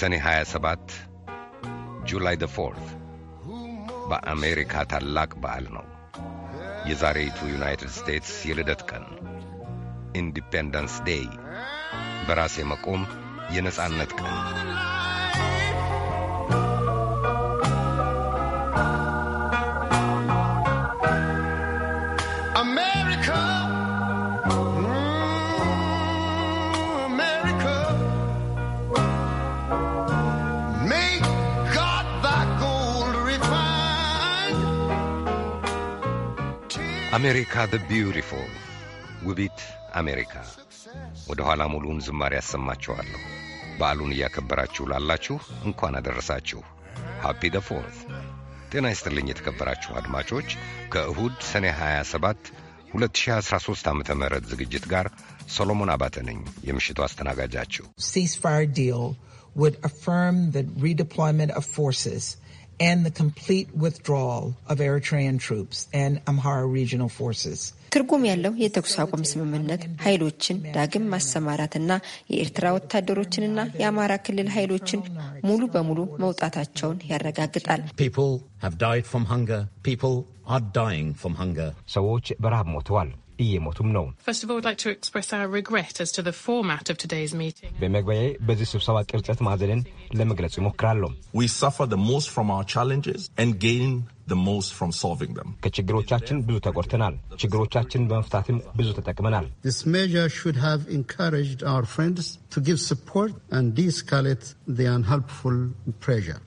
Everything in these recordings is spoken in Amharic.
ሰኔ 27 ጁላይ ደ ፎርት በአሜሪካ ታላቅ በዓል ነው። የዛሬቱ ዩናይትድ ስቴትስ የልደት ቀን ኢንዲፔንደንስ ዴይ፣ በራሴ መቆም የነጻነት ቀን አሜሪካ ዘ ቢዩቲፉል ውቢት አሜሪካ። ወደ ኋላ ሙሉውን ዝማሬ ያሰማችኋለሁ። በዓሉን እያከበራችሁ ላላችሁ እንኳን አደረሳችሁ። ሃፒ ደ ፎርት። ጤና ይስጥልኝ የተከበራችሁ አድማጮች ከእሁድ ሰኔ 27 2013 ዓ ም ዝግጅት ጋር ሰሎሞን አባተ ነኝ የምሽቱ አስተናጋጃችሁ። ሲስፋር ዲል ውድ አፍርም ዘ ሪዲፕሎይመንት ኦፍ ፎርስስ and the complete withdrawal of Eritrean troops and Amhara regional forces. ትርጉም ያለው የተኩስ አቁም ስምምነት ኃይሎችን ዳግም ማሰማራትና የኤርትራ ወታደሮችንና የአማራ ክልል ኃይሎችን ሙሉ በሙሉ መውጣታቸውን ያረጋግጣል። ሰዎች በረሃብ ሞተዋል። እየሞቱም ነው። በመግቢያዬ በዚህ ስብሰባ ቅርጸት ማዘልን ለመግለጽ ይሞክራለሁ። ከችግሮቻችን ብዙ ተቆርተናል። ችግሮቻችንን በመፍታትም ብዙ ተጠቅመናል።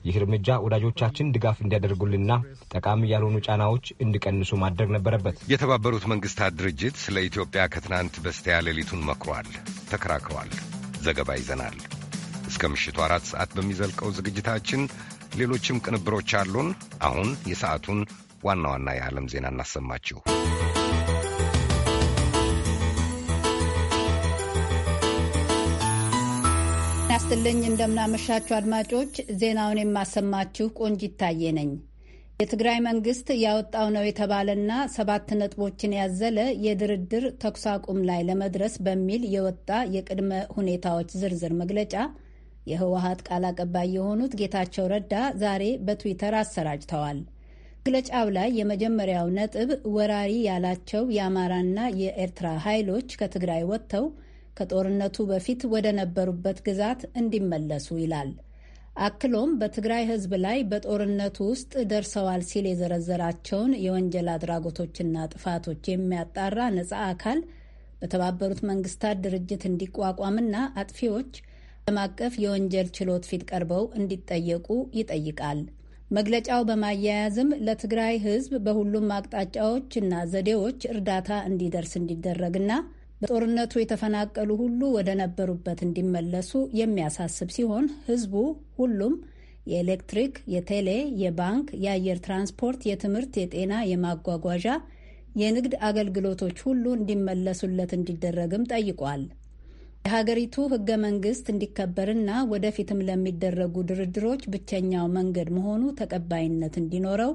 ይህ እርምጃ ወዳጆቻችን ድጋፍ እንዲያደርጉልና ጠቃሚ ያልሆኑ ጫናዎች እንዲቀንሱ ማድረግ ነበረበት። የተባበሩት መንግስታት ድርጅት ስለ ኢትዮጵያ ከትናንት በስቲያ ሌሊቱን መክሯል፣ ተከራክሯል። ዘገባ ይዘናል። እስከ ምሽቱ አራት ሰዓት በሚዘልቀው ዝግጅታችን ሌሎችም ቅንብሮች አሉን። አሁን የሰዓቱን ዋና ዋና የዓለም ዜና እናሰማችሁ። ያስትልኝ እንደምናመሻችሁ አድማጮች፣ ዜናውን የማሰማችሁ ቆንጅ ይታየ ነኝ። የትግራይ መንግስት ያወጣው ነው የተባለና ሰባት ነጥቦችን ያዘለ የድርድር ተኩስ አቁም ላይ ለመድረስ በሚል የወጣ የቅድመ ሁኔታዎች ዝርዝር መግለጫ የህወሀት ቃል አቀባይ የሆኑት ጌታቸው ረዳ ዛሬ በትዊተር አሰራጅተዋል። መግለጫው ላይ የመጀመሪያው ነጥብ ወራሪ ያላቸው የአማራና የኤርትራ ኃይሎች ከትግራይ ወጥተው ከጦርነቱ በፊት ወደ ነበሩበት ግዛት እንዲመለሱ ይላል። አክሎም በትግራይ ህዝብ ላይ በጦርነቱ ውስጥ ደርሰዋል ሲል የዘረዘራቸውን የወንጀል አድራጎቶችና ጥፋቶች የሚያጣራ ነፃ አካል በተባበሩት መንግስታት ድርጅት እንዲቋቋምና አጥፊዎች ዓለም አቀፍ የወንጀል ችሎት ፊት ቀርበው እንዲጠየቁ ይጠይቃል። መግለጫው በማያያዝም ለትግራይ ሕዝብ በሁሉም አቅጣጫዎች እና ዘዴዎች እርዳታ እንዲደርስ እንዲደረግና በጦርነቱ የተፈናቀሉ ሁሉ ወደ ነበሩበት እንዲመለሱ የሚያሳስብ ሲሆን ሕዝቡ ሁሉም የኤሌክትሪክ፣ የቴሌ፣ የባንክ፣ የአየር ትራንስፖርት፣ የትምህርት፣ የጤና፣ የማጓጓዣ፣ የንግድ አገልግሎቶች ሁሉ እንዲመለሱለት እንዲደረግም ጠይቋል። የሀገሪቱ ህገ መንግስት እንዲከበርና ወደፊትም ለሚደረጉ ድርድሮች ብቸኛው መንገድ መሆኑ ተቀባይነት እንዲኖረው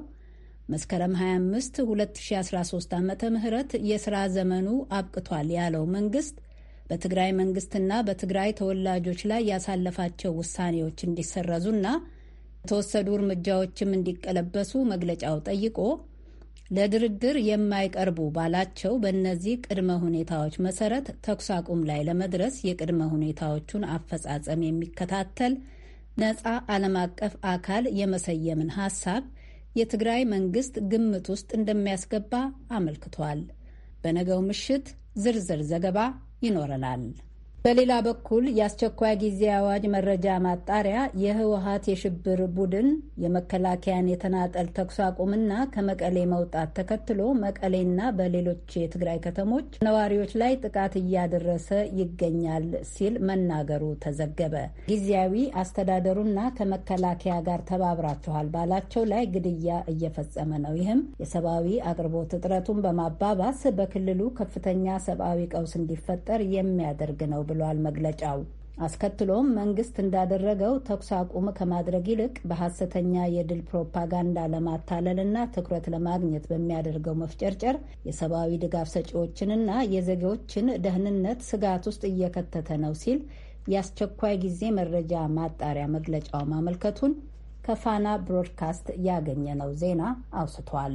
መስከረም 25 2013 ዓ ም የሥራ ዘመኑ አብቅቷል ያለው መንግስት በትግራይ መንግስትና በትግራይ ተወላጆች ላይ ያሳለፋቸው ውሳኔዎች እንዲሰረዙና የተወሰዱ እርምጃዎችም እንዲቀለበሱ መግለጫው ጠይቆ ለድርድር የማይቀርቡ ባላቸው በእነዚህ ቅድመ ሁኔታዎች መሰረት ተኩስ አቁም ላይ ለመድረስ የቅድመ ሁኔታዎቹን አፈጻጸም የሚከታተል ነጻ ዓለም አቀፍ አካል የመሰየምን ሀሳብ የትግራይ መንግስት ግምት ውስጥ እንደሚያስገባ አመልክቷል። በነገው ምሽት ዝርዝር ዘገባ ይኖረናል። በሌላ በኩል የአስቸኳይ ጊዜ አዋጅ መረጃ ማጣሪያ የህወሀት የሽብር ቡድን የመከላከያን የተናጠል ተኩስ አቁምና ከመቀሌ መውጣት ተከትሎ መቀሌና በሌሎች የትግራይ ከተሞች ነዋሪዎች ላይ ጥቃት እያደረሰ ይገኛል ሲል መናገሩ ተዘገበ። ጊዜያዊ አስተዳደሩና ከመከላከያ ጋር ተባብራችኋል ባላቸው ላይ ግድያ እየፈጸመ ነው። ይህም የሰብአዊ አቅርቦት እጥረቱን በማባባስ በክልሉ ከፍተኛ ሰብአዊ ቀውስ እንዲፈጠር የሚያደርግ ነው ብሏል መግለጫው። አስከትሎም መንግስት እንዳደረገው ተኩስ አቁም ከማድረግ ይልቅ በሐሰተኛ የድል ፕሮፓጋንዳ ለማታለልና ትኩረት ለማግኘት በሚያደርገው መፍጨርጨር የሰብአዊ ድጋፍ ሰጪዎችንና የዜጎችን ደህንነት ስጋት ውስጥ እየከተተ ነው ሲል የአስቸኳይ ጊዜ መረጃ ማጣሪያ መግለጫው ማመልከቱን ከፋና ብሮድካስት ያገኘ ነው ዜና አውስቷል።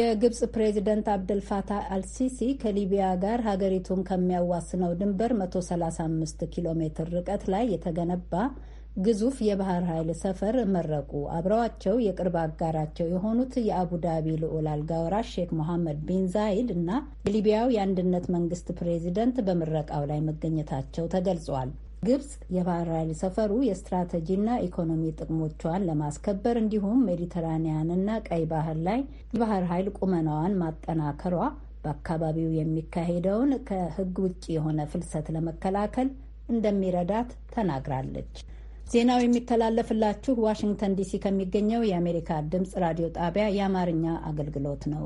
የግብጽ ፕሬዚደንት አብደልፋታህ አልሲሲ ከሊቢያ ጋር ሀገሪቱን ከሚያዋስነው ድንበር 135 ኪሎ ሜትር ርቀት ላይ የተገነባ ግዙፍ የባህር ኃይል ሰፈር መረቁ። አብረዋቸው የቅርብ አጋራቸው የሆኑት የአቡዳቢ ልዑል አልጋ ወራሽ ሼክ ሞሐመድ ቢን ዛይድ እና የሊቢያው የአንድነት መንግስት ፕሬዚደንት በምረቃው ላይ መገኘታቸው ተገልጿል። ግብጽ የባህር ኃይል ሰፈሩ የስትራቴጂና ኢኮኖሚ ጥቅሞቿን ለማስከበር እንዲሁም ሜዲተራኒያንና ቀይ ባህር ላይ የባህር ኃይል ቁመናዋን ማጠናከሯ በአካባቢው የሚካሄደውን ከህግ ውጭ የሆነ ፍልሰት ለመከላከል እንደሚረዳት ተናግራለች። ዜናው የሚተላለፍላችሁ ዋሽንግተን ዲሲ ከሚገኘው የአሜሪካ ድምፅ ራዲዮ ጣቢያ የአማርኛ አገልግሎት ነው።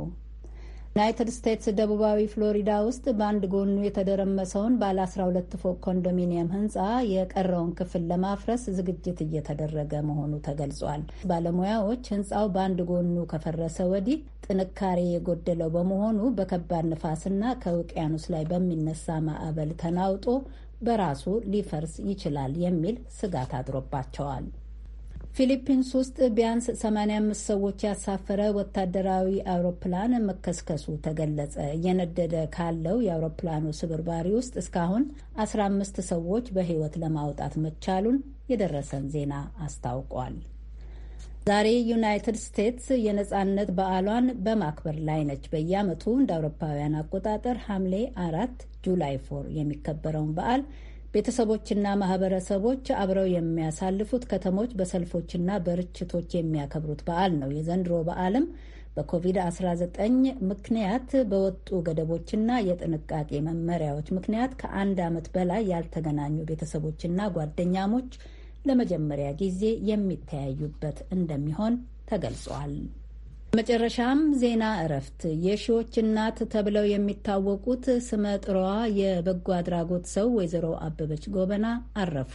ዩናይትድ ስቴትስ ደቡባዊ ፍሎሪዳ ውስጥ በአንድ ጎኑ የተደረመሰውን ባለ 12 ፎቅ ኮንዶሚኒየም ህንፃ የቀረውን ክፍል ለማፍረስ ዝግጅት እየተደረገ መሆኑ ተገልጿል። ባለሙያዎች ህንፃው በአንድ ጎኑ ከፈረሰ ወዲህ ጥንካሬ የጎደለው በመሆኑ በከባድ ንፋስና ከውቅያኖስ ላይ በሚነሳ ማዕበል ተናውጦ በራሱ ሊፈርስ ይችላል የሚል ስጋት አድሮባቸዋል። ፊሊፒንስ ውስጥ ቢያንስ 85 ሰዎች ያሳፈረ ወታደራዊ አውሮፕላን መከስከሱ ተገለጸ። እየነደደ ካለው የአውሮፕላኑ ስብርባሪ ውስጥ እስካሁን 15 ሰዎች በሕይወት ለማውጣት መቻሉን የደረሰን ዜና አስታውቋል። ዛሬ ዩናይትድ ስቴትስ የነጻነት በዓሏን በማክበር ላይ ነች። በየዓመቱ እንደ አውሮፓውያን አቆጣጠር ሐምሌ አራት ጁላይ ፎር የሚከበረውን በዓል ቤተሰቦችና ማህበረሰቦች አብረው የሚያሳልፉት ከተሞች በሰልፎችና በርችቶች የሚያከብሩት በዓል ነው። የዘንድሮ በዓልም በኮቪድ-19 ምክንያት በወጡ ገደቦችና የጥንቃቄ መመሪያዎች ምክንያት ከአንድ ዓመት በላይ ያልተገናኙ ቤተሰቦችና ጓደኛሞች ለመጀመሪያ ጊዜ የሚተያዩበት እንደሚሆን ተገልጿል። መጨረሻም ዜና እረፍት። የሺዎች እናት ተብለው የሚታወቁት ስመ ጥሯዋ የበጎ አድራጎት ሰው ወይዘሮ አበበች ጎበና አረፉ።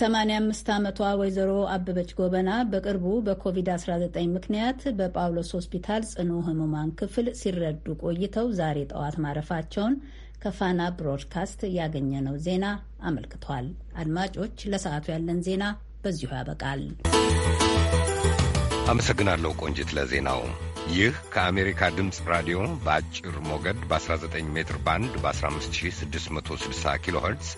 85 ዓመቷ ወይዘሮ አበበች ጎበና በቅርቡ በኮቪድ-19 ምክንያት በጳውሎስ ሆስፒታል ጽኑ ህሙማን ክፍል ሲረዱ ቆይተው ዛሬ ጠዋት ማረፋቸውን ከፋና ብሮድካስት ያገኘነው ዜና አመልክቷል። አድማጮች፣ ለሰዓቱ ያለን ዜና በዚሁ ያበቃል። አመሰግናለሁ ቆንጂት ለዜናው። ይህ ከአሜሪካ ድምፅ ራዲዮ በአጭር ሞገድ በ19 ሜትር ባንድ በ15660 ኪሎ ኸርትዝ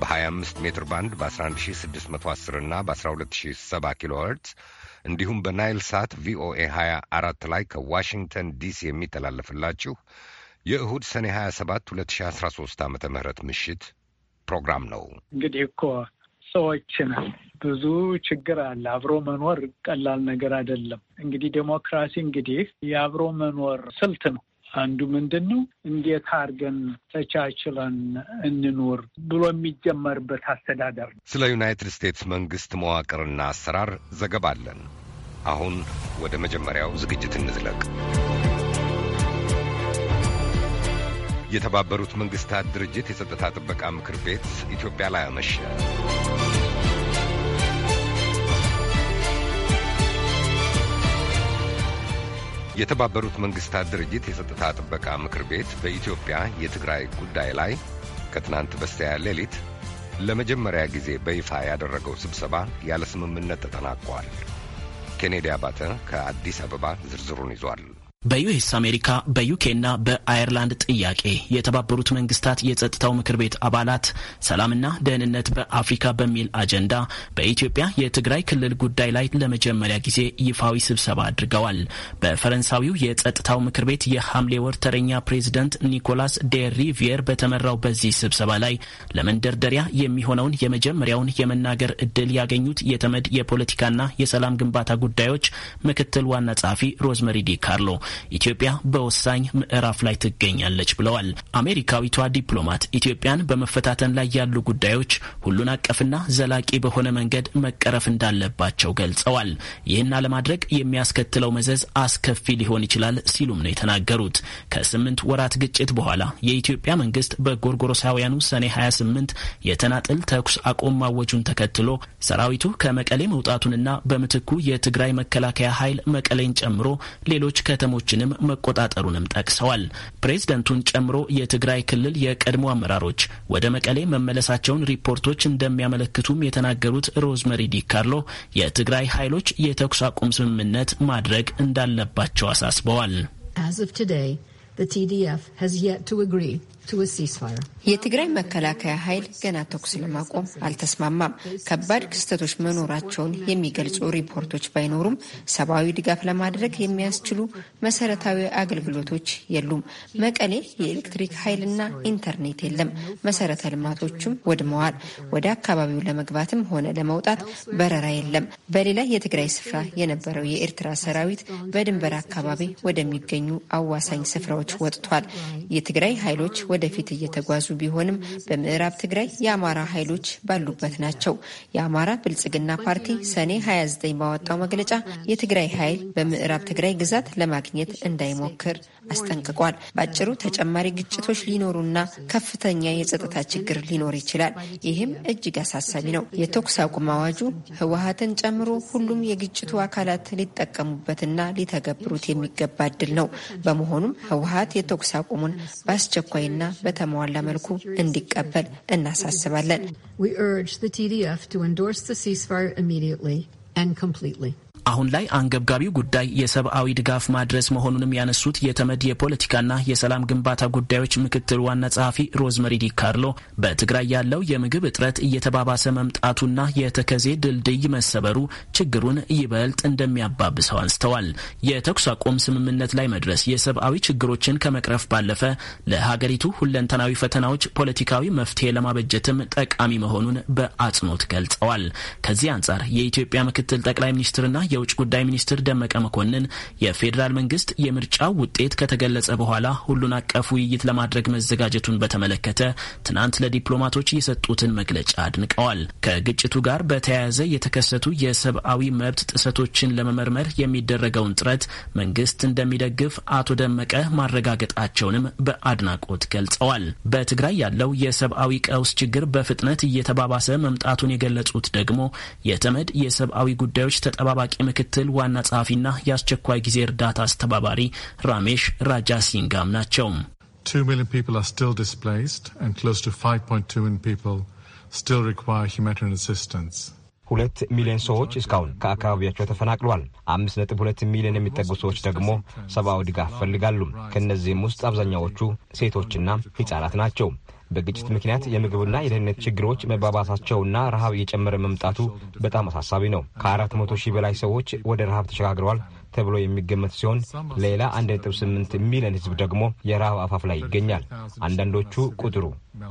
በ25 ሜትር ባንድ በ11610 እና በ12070 ኪሎ ኸርትዝ እንዲሁም በናይል ሳት ቪኦኤ 24 ላይ ከዋሽንግተን ዲሲ የሚተላለፍላችሁ የእሁድ ሰኔ 27 2013 ዓ ም ምሽት ፕሮግራም ነው። እንግዲህ እኮ ሰዎች ነን ብዙ ችግር አለ። አብሮ መኖር ቀላል ነገር አይደለም። እንግዲህ ዴሞክራሲ እንግዲህ የአብሮ መኖር ስልት ነው። አንዱ ምንድን ነው? እንዴት አድርገን ተቻችለን እንኖር ብሎ የሚጀመርበት አስተዳደር ነው። ስለ ዩናይትድ ስቴትስ መንግስት መዋቅርና አሰራር ዘገባ አለን። አሁን ወደ መጀመሪያው ዝግጅት እንዝለቅ። የተባበሩት መንግስታት ድርጅት የጸጥታ ጥበቃ ምክር ቤት ኢትዮጵያ ላይ አመሸ። የተባበሩት መንግስታት ድርጅት የጸጥታ ጥበቃ ምክር ቤት በኢትዮጵያ የትግራይ ጉዳይ ላይ ከትናንት በስቲያ ሌሊት ለመጀመሪያ ጊዜ በይፋ ያደረገው ስብሰባ ያለ ስምምነት ተጠናቋል። ኬኔዲ አባተ ከአዲስ አበባ ዝርዝሩን ይዟል። በዩኤስ አሜሪካ በዩኬና በአየርላንድ ጥያቄ የተባበሩት መንግስታት የጸጥታው ምክር ቤት አባላት ሰላምና ደህንነት በአፍሪካ በሚል አጀንዳ በኢትዮጵያ የትግራይ ክልል ጉዳይ ላይ ለመጀመሪያ ጊዜ ይፋዊ ስብሰባ አድርገዋል። በፈረንሳዊው የጸጥታው ምክር ቤት የሐምሌ ወር ተረኛ ፕሬዚደንት ኒኮላስ ዴ ሪቪየር በተመራው በዚህ ስብሰባ ላይ ለመንደርደሪያ የሚሆነውን የመጀመሪያውን የመናገር ዕድል ያገኙት የተመድ የፖለቲካና የሰላም ግንባታ ጉዳዮች ምክትል ዋና ጸሐፊ ሮዝመሪ ዲ ካርሎ ኢትዮጵያ በወሳኝ ምዕራፍ ላይ ትገኛለች ብለዋል። አሜሪካዊቷ ዲፕሎማት ኢትዮጵያን በመፈታተን ላይ ያሉ ጉዳዮች ሁሉን አቀፍና ዘላቂ በሆነ መንገድ መቀረፍ እንዳለባቸው ገልጸዋል። ይህን ለማድረግ የሚያስከትለው መዘዝ አስከፊ ሊሆን ይችላል ሲሉም ነው የተናገሩት። ከስምንት ወራት ግጭት በኋላ የኢትዮጵያ መንግስት በጎርጎሮሳውያኑ ሰኔ 28 የተናጥል ተኩስ አቁም ማወጁን ተከትሎ ሰራዊቱ ከመቀሌ መውጣቱንና በምትኩ የትግራይ መከላከያ ኃይል መቀሌን ጨምሮ ሌሎች ከተሞ ከተሞችንም መቆጣጠሩንም ጠቅሰዋል። ፕሬዝደንቱን ጨምሮ የትግራይ ክልል የቀድሞ አመራሮች ወደ መቀሌ መመለሳቸውን ሪፖርቶች እንደሚያመለክቱም የተናገሩት ሮዝመሪ ዲካርሎ የትግራይ ኃይሎች የተኩስ አቁም ስምምነት ማድረግ እንዳለባቸው አሳስበዋል። As of today, the TDF has yet to agree የትግራይ መከላከያ ኃይል ገና ተኩስ ለማቆም አልተስማማም። ከባድ ክስተቶች መኖራቸውን የሚገልጹ ሪፖርቶች ባይኖሩም ሰብአዊ ድጋፍ ለማድረግ የሚያስችሉ መሰረታዊ አገልግሎቶች የሉም። መቀሌ የኤሌክትሪክ ኃይልና ኢንተርኔት የለም። መሰረተ ልማቶችም ወድመዋል። ወደ አካባቢው ለመግባትም ሆነ ለመውጣት በረራ የለም። በሌላ የትግራይ ስፍራ የነበረው የኤርትራ ሰራዊት በድንበር አካባቢ ወደሚገኙ አዋሳኝ ስፍራዎች ወጥቷል። የትግራይ ኃይሎች ወደፊት እየተጓዙ ቢሆንም በምዕራብ ትግራይ የአማራ ኃይሎች ባሉበት ናቸው። የአማራ ብልጽግና ፓርቲ ሰኔ 29 ባወጣው መግለጫ የትግራይ ኃይል በምዕራብ ትግራይ ግዛት ለማግኘት እንዳይሞክር አስጠንቅቋል። በአጭሩ ተጨማሪ ግጭቶች ሊኖሩና ከፍተኛ የጸጥታ ችግር ሊኖር ይችላል። ይህም እጅግ አሳሳቢ ነው። የተኩስ አቁም አዋጁ ህወሀትን ጨምሮ ሁሉም የግጭቱ አካላት ሊጠቀሙበትና ሊተገብሩት የሚገባ እድል ነው። በመሆኑም ህወሀት የተኩስ አቁሙን በአስቸኳይና በተሟላ መልኩ እንዲቀበል እናሳስባለን። አሁን ላይ አንገብጋቢው ጉዳይ የሰብአዊ ድጋፍ ማድረስ መሆኑንም ያነሱት የተመድ የፖለቲካና የሰላም ግንባታ ጉዳዮች ምክትል ዋና ጸሐፊ ሮዝመሪ ዲካርሎ በትግራይ ያለው የምግብ እጥረት እየተባባሰ መምጣቱና የተከዜ ድልድይ መሰበሩ ችግሩን ይበልጥ እንደሚያባብሰው አንስተዋል። የተኩስ አቁም ስምምነት ላይ መድረስ የሰብአዊ ችግሮችን ከመቅረፍ ባለፈ ለሀገሪቱ ሁለንተናዊ ፈተናዎች ፖለቲካዊ መፍትሄ ለማበጀትም ጠቃሚ መሆኑን በአጽንኦት ገልጸዋል። ከዚህ አንጻር የኢትዮጵያ ምክትል ጠቅላይ ሚኒስትርና የውጭ ጉዳይ ሚኒስትር ደመቀ መኮንን የፌዴራል መንግስት የምርጫው ውጤት ከተገለጸ በኋላ ሁሉን አቀፍ ውይይት ለማድረግ መዘጋጀቱን በተመለከተ ትናንት ለዲፕሎማቶች የሰጡትን መግለጫ አድንቀዋል። ከግጭቱ ጋር በተያያዘ የተከሰቱ የሰብአዊ መብት ጥሰቶችን ለመመርመር የሚደረገውን ጥረት መንግስት እንደሚደግፍ አቶ ደመቀ ማረጋገጣቸውንም በአድናቆት ገልጸዋል። በትግራይ ያለው የሰብአዊ ቀውስ ችግር በፍጥነት እየተባባሰ መምጣቱን የገለጹት ደግሞ የተመድ የሰብአዊ ጉዳዮች ተጠባባቂ ምክትል ዋና ጸሐፊና የአስቸኳይ ጊዜ እርዳታ አስተባባሪ ራሜሽ ራጃ ሲንጋም ናቸው። ሁለት ሚሊዮን ሰዎች እስካሁን ከአካባቢያቸው ተፈናቅሏል። አምስት ነጥብ ሁለት ሚሊዮን የሚጠጉ ሰዎች ደግሞ ሰብአዊ ድጋፍ ፈልጋሉ። ከእነዚህም ውስጥ አብዛኛዎቹ ሴቶችና ሕጻናት ናቸው። በግጭት ምክንያት የምግብና የደህንነት ችግሮች መባባሳቸውና ረሃብ እየጨመረ መምጣቱ በጣም አሳሳቢ ነው። ከአራት መቶ ሺህ በላይ ሰዎች ወደ ረሃብ ተሸጋግረዋል ተብሎ የሚገመት ሲሆን ሌላ 1.8 ሚሊዮን ሕዝብ ደግሞ የረሃብ አፋፍ ላይ ይገኛል። አንዳንዶቹ ቁጥሩ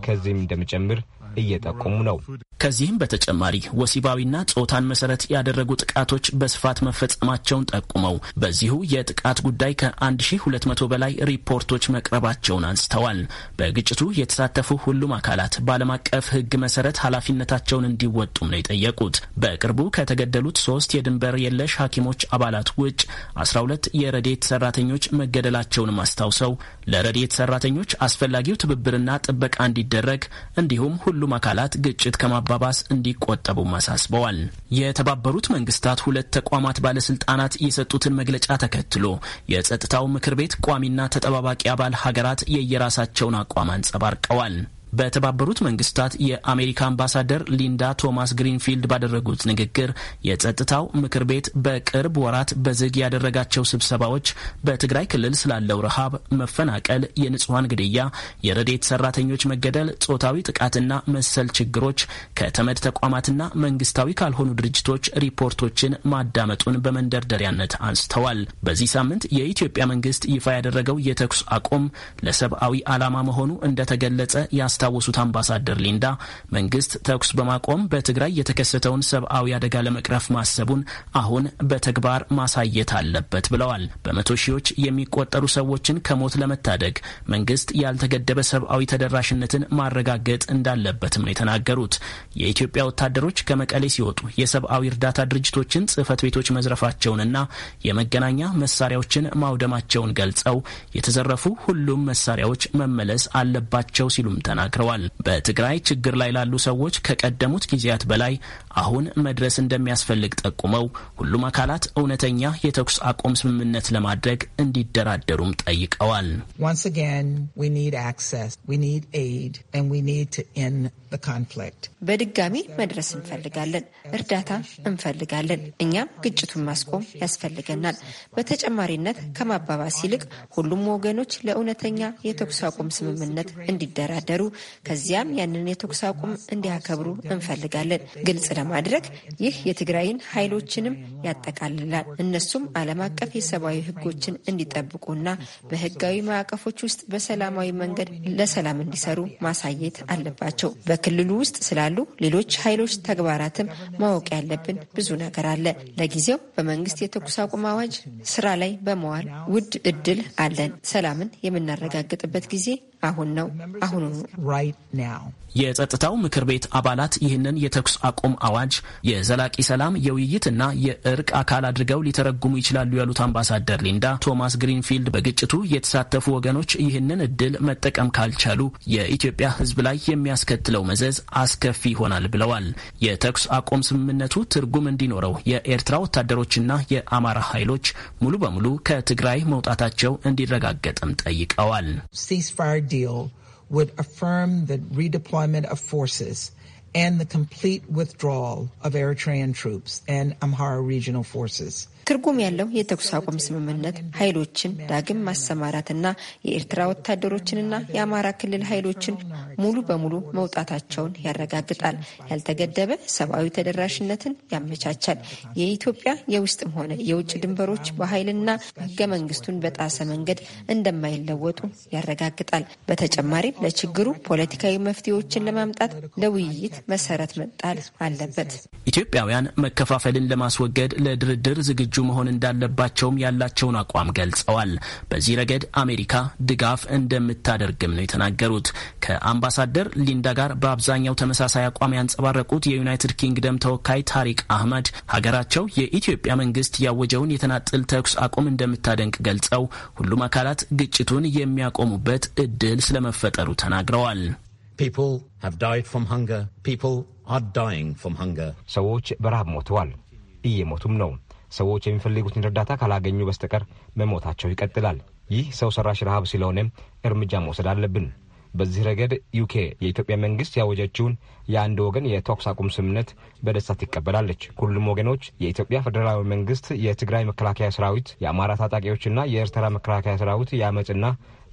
ከዚህም እንደሚጨምር እየጠቆሙ ነው። ከዚህም በተጨማሪ ወሲባዊና ጾታን መሰረት ያደረጉ ጥቃቶች በስፋት መፈጸማቸውን ጠቁመው በዚሁ የጥቃት ጉዳይ ከ1200 በላይ ሪፖርቶች መቅረባቸውን አንስተዋል። በግጭቱ የተሳተፉ ሁሉም አካላት በዓለም አቀፍ ሕግ መሰረት ኃላፊነታቸውን እንዲወጡም ነው የጠየቁት። በቅርቡ ከተገደሉት ሶስት የድንበር የለሽ ሐኪሞች አባላት ውጭ 12 የረዴት ሰራተኞች መገደላቸውንም አስታውሰው ለረዴት ሰራተኞች አስፈላጊው ትብብርና ጥበቃ እንዲደረግ እንዲሁም ሁሉም ሁሉም አካላት ግጭት ከማባባስ እንዲቆጠቡም አሳስበዋል። የተባበሩት መንግስታት ሁለት ተቋማት ባለስልጣናት የሰጡትን መግለጫ ተከትሎ የጸጥታው ምክር ቤት ቋሚና ተጠባባቂ አባል ሀገራት የየራሳቸውን አቋም አንጸባርቀዋል። በተባበሩት መንግስታት የአሜሪካ አምባሳደር ሊንዳ ቶማስ ግሪንፊልድ ባደረጉት ንግግር የጸጥታው ምክር ቤት በቅርብ ወራት በዝግ ያደረጋቸው ስብሰባዎች በትግራይ ክልል ስላለው ረሃብ፣ መፈናቀል፣ የንጹሐን ግድያ፣ የረዴት ሰራተኞች መገደል፣ ጾታዊ ጥቃትና መሰል ችግሮች ከተመድ ተቋማትና መንግስታዊ ካልሆኑ ድርጅቶች ሪፖርቶችን ማዳመጡን በመንደርደሪያነት አንስተዋል። በዚህ ሳምንት የኢትዮጵያ መንግስት ይፋ ያደረገው የተኩስ አቁም ለሰብአዊ ዓላማ መሆኑ እንደተገለጸ ያስታ የሚታወሱት አምባሳደር ሊንዳ መንግስት ተኩስ በማቆም በትግራይ የተከሰተውን ሰብአዊ አደጋ ለመቅረፍ ማሰቡን አሁን በተግባር ማሳየት አለበት ብለዋል። በመቶ ሺዎች የሚቆጠሩ ሰዎችን ከሞት ለመታደግ መንግስት ያልተገደበ ሰብአዊ ተደራሽነትን ማረጋገጥ እንዳለበትም ነው የተናገሩት። የኢትዮጵያ ወታደሮች ከመቀሌ ሲወጡ የሰብአዊ እርዳታ ድርጅቶችን ጽህፈት ቤቶች መዝረፋቸውንና የመገናኛ መሳሪያዎችን ማውደማቸውን ገልጸው የተዘረፉ ሁሉም መሳሪያዎች መመለስ አለባቸው ሲሉም ተናግረዋል። መክረዋል። በትግራይ ችግር ላይ ላሉ ሰዎች ከቀደሙት ጊዜያት በላይ አሁን መድረስ እንደሚያስፈልግ ጠቁመው ሁሉም አካላት እውነተኛ የተኩስ አቁም ስምምነት ለማድረግ እንዲደራደሩም ጠይቀዋል። በድጋሚ መድረስ እንፈልጋለን፣ እርዳታ እንፈልጋለን። እኛም ግጭቱን ማስቆም ያስፈልገናል። በተጨማሪነት ከማባባስ ይልቅ ሁሉም ወገኖች ለእውነተኛ የተኩስ አቁም ስምምነት እንዲደራደሩ ከዚያም ያንን የተኩስ አቁም እንዲያከብሩ እንፈልጋለን። ግልጽ ለማድረግ ይህ የትግራይን ኃይሎችንም ያጠቃልላል። እነሱም ዓለም አቀፍ የሰብአዊ ሕጎችን እንዲጠብቁና በህጋዊ ማዕቀፎች ውስጥ በሰላማዊ መንገድ ለሰላም እንዲሰሩ ማሳየት አለባቸው። ክልሉ ውስጥ ስላሉ ሌሎች ኃይሎች ተግባራትም ማወቅ ያለብን ብዙ ነገር አለ። ለጊዜው በመንግስት የተኩስ አቁም አዋጅ ስራ ላይ በመዋል ውድ እድል አለን። ሰላምን የምናረጋግጥበት ጊዜ አሁን ነው አሁኑኑ። የጸጥታው ምክር ቤት አባላት ይህንን የተኩስ አቁም አዋጅ የዘላቂ ሰላም የውይይትና የእርቅ አካል አድርገው ሊተረጉሙ ይችላሉ ያሉት አምባሳደር ሊንዳ ቶማስ ግሪንፊልድ በግጭቱ የተሳተፉ ወገኖች ይህንን እድል መጠቀም ካልቻሉ የኢትዮጵያ ሕዝብ ላይ የሚያስከትለው መዘዝ አስከፊ ይሆናል ብለዋል። የተኩስ አቁም ስምምነቱ ትርጉም እንዲኖረው የኤርትራ ወታደሮችና የአማራ ኃይሎች ሙሉ በሙሉ ከትግራይ መውጣታቸው እንዲረጋገጥም ጠይቀዋል። deal would affirm the redeployment of forces and the complete withdrawal of Eritrean troops and Amhara regional forces. ትርጉም ያለው የተኩስ አቁም ስምምነት ኃይሎችን ዳግም ማሰማራትና የኤርትራ ወታደሮችንና የአማራ ክልል ኃይሎችን ሙሉ በሙሉ መውጣታቸውን ያረጋግጣል። ያልተገደበ ሰብአዊ ተደራሽነትን ያመቻቻል። የኢትዮጵያ የውስጥም ሆነ የውጭ ድንበሮች በኃይልና ህገ መንግስቱን በጣሰ መንገድ እንደማይለወጡ ያረጋግጣል። በተጨማሪም ለችግሩ ፖለቲካዊ መፍትሄዎችን ለማምጣት ለውይይት መሰረት መጣል አለበት። ኢትዮጵያውያን መከፋፈልን ለማስወገድ ለድርድር ዝግጁ ዝግጁ መሆን እንዳለባቸውም ያላቸውን አቋም ገልጸዋል። በዚህ ረገድ አሜሪካ ድጋፍ እንደምታደርግም ነው የተናገሩት። ከአምባሳደር ሊንዳ ጋር በአብዛኛው ተመሳሳይ አቋም ያንጸባረቁት የዩናይትድ ኪንግደም ተወካይ ታሪክ አህመድ ሀገራቸው የኢትዮጵያ መንግስት ያወጀውን የተናጥል ተኩስ አቁም እንደምታደንቅ ገልጸው ሁሉም አካላት ግጭቱን የሚያቆሙበት እድል ስለመፈጠሩ ተናግረዋል። ሰዎች በረሃብ ሞተዋል፣ እየሞቱም ነው። ሰዎች የሚፈልጉትን እርዳታ ካላገኙ በስተቀር መሞታቸው ይቀጥላል። ይህ ሰው ሰራሽ ረሃብ ስለሆነ እርምጃ መውሰድ አለብን። በዚህ ረገድ ዩኬ የኢትዮጵያ መንግስት ያወጀችውን የአንድ ወገን የተኩስ አቁም ስምምነት በደስታ ትቀበላለች። ሁሉም ወገኖች የኢትዮጵያ ፌዴራላዊ መንግስት፣ የትግራይ መከላከያ ሰራዊት፣ የአማራ ታጣቂዎችና የኤርትራ መከላከያ ሰራዊት የአመፅና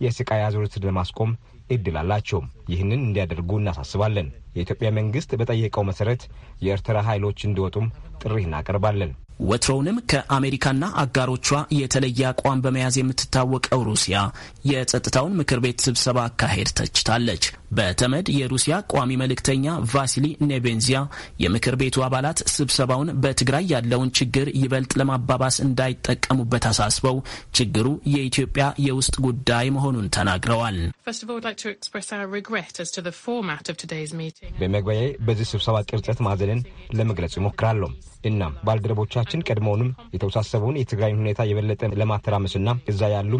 የስቃይ አዙሪትን ለማስቆም እድል አላቸውም። ይህንን እንዲያደርጉ እናሳስባለን። የኢትዮጵያ መንግስት በጠየቀው መሰረት የኤርትራ ኃይሎች እንዲወጡም ጥሪ እናቀርባለን። ወትሮውንም ከአሜሪካና አጋሮቿ የተለየ አቋም በመያዝ የምትታወቀው ሩሲያ የጸጥታውን ምክር ቤት ስብሰባ አካሄድ ተችታለች። በተመድ የሩሲያ ቋሚ መልእክተኛ ቫሲሊ ኔቤንዚያ የምክር ቤቱ አባላት ስብሰባውን በትግራይ ያለውን ችግር ይበልጥ ለማባባስ እንዳይጠቀሙበት አሳስበው ችግሩ የኢትዮጵያ የውስጥ ጉዳይ መሆኑን ተናግረዋል። በመግቢያዬ በዚህ ስብሰባ ቅርጸት ማዘንን ለመግለጽ ይሞክራለሁ። እናም ባልደረቦቻችን ቀድሞውንም የተወሳሰበውን የትግራይን ሁኔታ የበለጠ ለማተራመስና እዛ ያሉ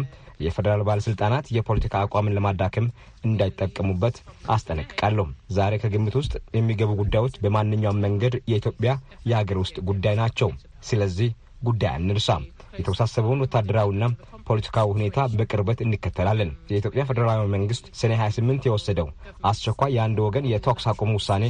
የፌዴራል ባለሥልጣናት የፖለቲካ አቋምን ለማዳከም እንዳይጠቀሙበት አስጠነቅቃለሁ። ዛሬ ከግምት ውስጥ የሚገቡ ጉዳዮች በማንኛውም መንገድ የኢትዮጵያ የሀገር ውስጥ ጉዳይ ናቸው። ስለዚህ ጉዳይ አንርሳ። የተወሳሰበውን ወታደራዊና ፖለቲካዊ ሁኔታ በቅርበት እንከተላለን። የኢትዮጵያ ፌዴራላዊ መንግስት ሰኔ 28 የወሰደው አስቸኳይ የአንድ ወገን የተኩስ አቁም ውሳኔ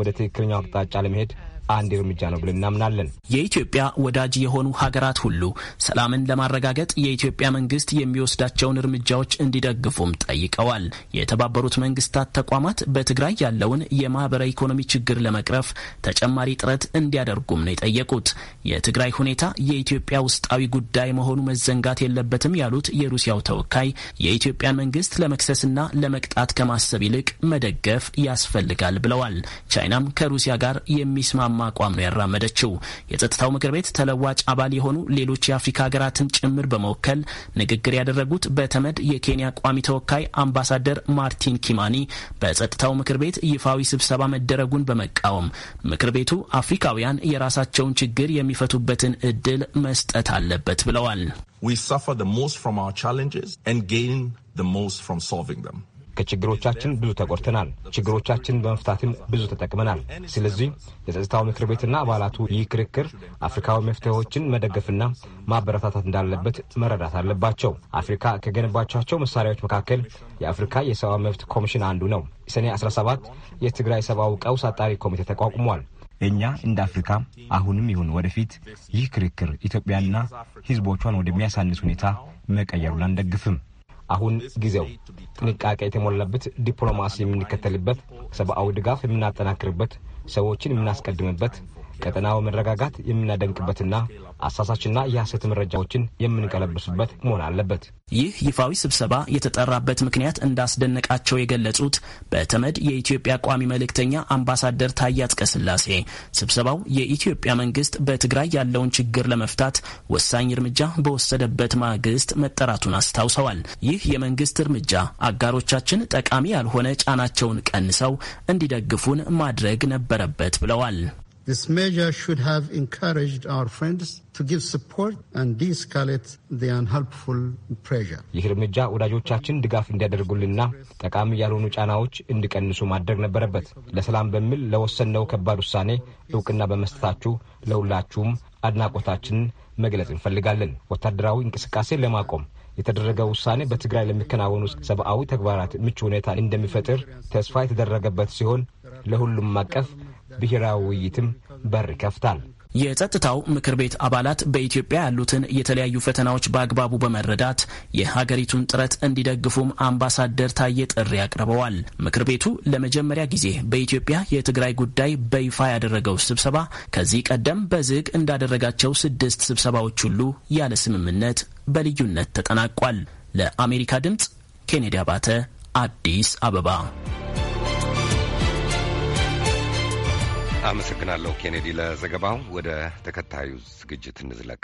ወደ ትክክለኛው አቅጣጫ ለመሄድ አንድ እርምጃ ነው ብለን እናምናለን። የኢትዮጵያ ወዳጅ የሆኑ ሀገራት ሁሉ ሰላምን ለማረጋገጥ የኢትዮጵያ መንግስት የሚወስዳቸውን እርምጃዎች እንዲደግፉም ጠይቀዋል። የተባበሩት መንግስታት ተቋማት በትግራይ ያለውን የማህበራዊ ኢኮኖሚ ችግር ለመቅረፍ ተጨማሪ ጥረት እንዲያደርጉም ነው የጠየቁት። የትግራይ ሁኔታ የኢትዮጵያ ውስጣዊ ጉዳይ መሆኑ መዘንጋት የለበትም ያሉት የሩሲያው ተወካይ የኢትዮጵያን መንግስት ለመክሰስና ለመቅጣት ከማሰብ ይልቅ መደገፍ ያስፈልጋል ብለዋል። ቻይናም ከሩሲያ ጋር የሚስማማ የሚቃወም አቋም ነው ያራመደችው። የጸጥታው ምክር ቤት ተለዋጭ አባል የሆኑ ሌሎች የአፍሪካ ሀገራትን ጭምር በመወከል ንግግር ያደረጉት በተመድ የኬንያ ቋሚ ተወካይ አምባሳደር ማርቲን ኪማኒ በጸጥታው ምክር ቤት ይፋዊ ስብሰባ መደረጉን በመቃወም ምክር ቤቱ አፍሪካውያን የራሳቸውን ችግር የሚፈቱበትን እድል መስጠት አለበት ብለዋል። We suffer the most from our challenges and gain the most from solving them. ከችግሮቻችን ብዙ ተቆርተናል። ችግሮቻችን በመፍታትም ብዙ ተጠቅመናል። ስለዚህ የጸጥታው ምክር ቤትና አባላቱ ይህ ክርክር አፍሪካዊ መፍትሄዎችን መደገፍና ማበረታታት እንዳለበት መረዳት አለባቸው። አፍሪካ ከገነባቻቸው መሳሪያዎች መካከል የአፍሪካ የሰብአዊ መብት ኮሚሽን አንዱ ነው። ሰኔ 17 የትግራይ ሰብአዊ ቀውስ አጣሪ ኮሚቴ ተቋቁሟል። እኛ እንደ አፍሪካ አሁንም ይሁን ወደፊት ይህ ክርክር ኢትዮጵያና ሕዝቦቿን ወደሚያሳንስ ሁኔታ መቀየሩን አንደግፍም። አሁን ጊዜው ጥንቃቄ የተሞላበት ዲፕሎማሲ የምንከተልበት፣ ሰብአዊ ድጋፍ የምናጠናክርበት፣ ሰዎችን የምናስቀድምበት ቀጠናው መረጋጋት የምናደንቅበትና አሳሳችና የሐሰት መረጃዎችን የምንቀለብስበት መሆን አለበት። ይህ ይፋዊ ስብሰባ የተጠራበት ምክንያት እንዳስደነቃቸው የገለጹት በተመድ የኢትዮጵያ ቋሚ መልእክተኛ አምባሳደር ታዬ አጽቀሥላሴ ስብሰባው የኢትዮጵያ መንግስት በትግራይ ያለውን ችግር ለመፍታት ወሳኝ እርምጃ በወሰደበት ማግስት መጠራቱን አስታውሰዋል። ይህ የመንግስት እርምጃ አጋሮቻችን ጠቃሚ ያልሆነ ጫናቸውን ቀንሰው እንዲደግፉን ማድረግ ነበረበት ብለዋል። This measure should have encouraged our friends to give support and de-escalate the unhelpful pressure. ይህ እርምጃ ወዳጆቻችን ድጋፍ እንዲያደርጉልንና ጠቃሚ ያልሆኑ ጫናዎች እንዲቀንሱ ማድረግ ነበረበት። ለሰላም በሚል ለወሰነው ከባድ ውሳኔ እውቅና በመስጠታችሁ ለሁላችሁም አድናቆታችንን መግለጽ እንፈልጋለን። ወታደራዊ እንቅስቃሴ ለማቆም የተደረገ ውሳኔ በትግራይ ለሚከናወኑ ሰብአዊ ተግባራት ምቹ ሁኔታ እንደሚፈጥር ተስፋ የተደረገበት ሲሆን ለሁሉም አቀፍ ብሔራዊ ውይይትም በር ይከፍታል። የጸጥታው ምክር ቤት አባላት በኢትዮጵያ ያሉትን የተለያዩ ፈተናዎች በአግባቡ በመረዳት የሀገሪቱን ጥረት እንዲደግፉም አምባሳደር ታዬ ጥሪ አቅርበዋል። ምክር ቤቱ ለመጀመሪያ ጊዜ በኢትዮጵያ የትግራይ ጉዳይ በይፋ ያደረገው ስብሰባ ከዚህ ቀደም በዝግ እንዳደረጋቸው ስድስት ስብሰባዎች ሁሉ ያለ ስምምነት በልዩነት ተጠናቋል። ለአሜሪካ ድምፅ ኬኔዲ አባተ አዲስ አበባ አመሰግናለሁ ኬኔዲ ለዘገባው። ወደ ተከታዩ ዝግጅት እንዝለቅ።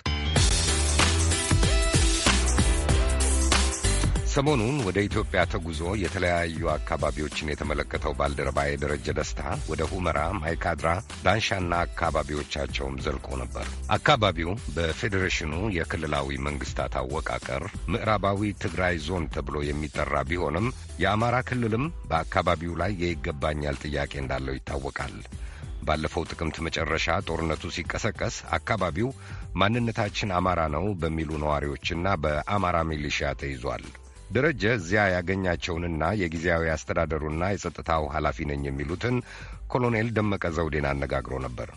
ሰሞኑን ወደ ኢትዮጵያ ተጉዞ የተለያዩ አካባቢዎችን የተመለከተው ባልደረባ የደረጀ ደስታ ወደ ሁመራ፣ ማይካድራ፣ ዳንሻና አካባቢዎቻቸውም ዘልቆ ነበር። አካባቢው በፌዴሬሽኑ የክልላዊ መንግስታት አወቃቀር ምዕራባዊ ትግራይ ዞን ተብሎ የሚጠራ ቢሆንም የአማራ ክልልም በአካባቢው ላይ የይገባኛል ጥያቄ እንዳለው ይታወቃል። ባለፈው ጥቅምት መጨረሻ ጦርነቱ ሲቀሰቀስ አካባቢው ማንነታችን አማራ ነው በሚሉ ነዋሪዎችና በአማራ ሚሊሺያ ተይዟል። ደረጀ እዚያ ያገኛቸውንና የጊዜያዊ አስተዳደሩና የጸጥታው ኃላፊ ነኝ የሚሉትን ኮሎኔል ደመቀ ዘውዴን አነጋግሮ ነበር።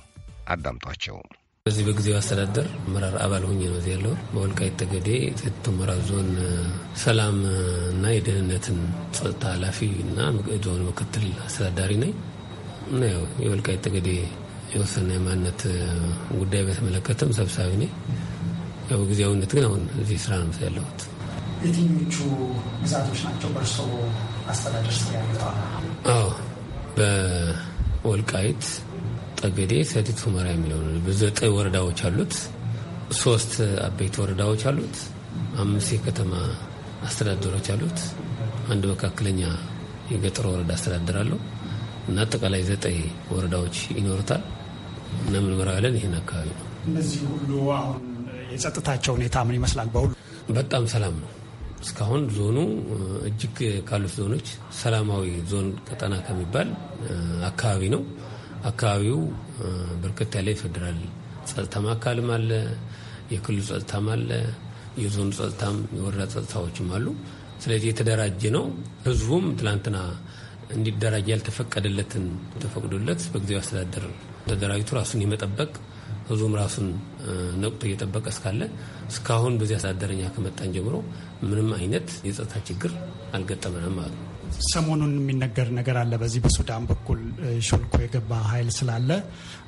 አዳምጧቸው። በዚህ በጊዜው አስተዳደር አመራር አባል ሆኜ ነው ያለው። በወልቃይት ጠገዴ ሰቲት ሁመራ ዞን ሰላም እና የደህንነትን ጸጥታ ኃላፊ እና ዞን ምክትል አስተዳዳሪ ነኝ። እና ያው የወልቃይት ጠገዴ የወሰነ የማንነት uh, ጉዳይ በተመለከተም ሰብሳቢ ነኝ። ያው ጊዜያዊነት ግን አሁን እዚህ ስራ ነው ያለሁት። የትኞቹ ግዛቶች ናቸው በእርሶ አስተዳደር ስር ያሉት? አዎ በወልቃይት ጠገዴ፣ ሰቲት ሁመራ የሚለው ዘጠኝ ወረዳዎች አሉት። ሶስት አበይት ወረዳዎች አሉት። አምስት የከተማ አስተዳደሮች አሉት። አንድ መካከለኛ የገጠር ወረዳ አስተዳደር አለው። እና አጠቃላይ ዘጠኝ ወረዳዎች ይኖሩታል እና ምንመራ ያለን ይህን አካባቢ ነው። እነዚህ ሁሉ አሁን የጸጥታቸው ሁኔታ ምን ይመስላል? በሁሉ በጣም ሰላም ነው። እስካሁን ዞኑ እጅግ ካሉት ዞኖች ሰላማዊ ዞን ቀጠና ከሚባል አካባቢ ነው። አካባቢው በርከት ያለ የፌዴራል ጸጥታ አካልም አለ፣ የክልሉ ጸጥታም አለ፣ የዞኑ ጸጥታም የወረዳ ጸጥታዎችም አሉ። ስለዚህ የተደራጀ ነው። ህዝቡም ትላንትና እንዲደራጅ ያልተፈቀደለትን ተፈቅዶለት በጊዜው አስተዳደር ተደራጅቱ ራሱን የመጠበቅ ህዝቡም ራሱን ነቁቶ እየጠበቀ እስካለ እስካሁን በዚህ አስተዳደረኛ ከመጣን ጀምሮ ምንም አይነት የጸጥታ ችግር አልገጠመንም ማለት ነው። ሰሞኑን የሚነገር ነገር አለ። በዚህ በሱዳን በኩል ሾልኮ የገባ ኃይል ስላለ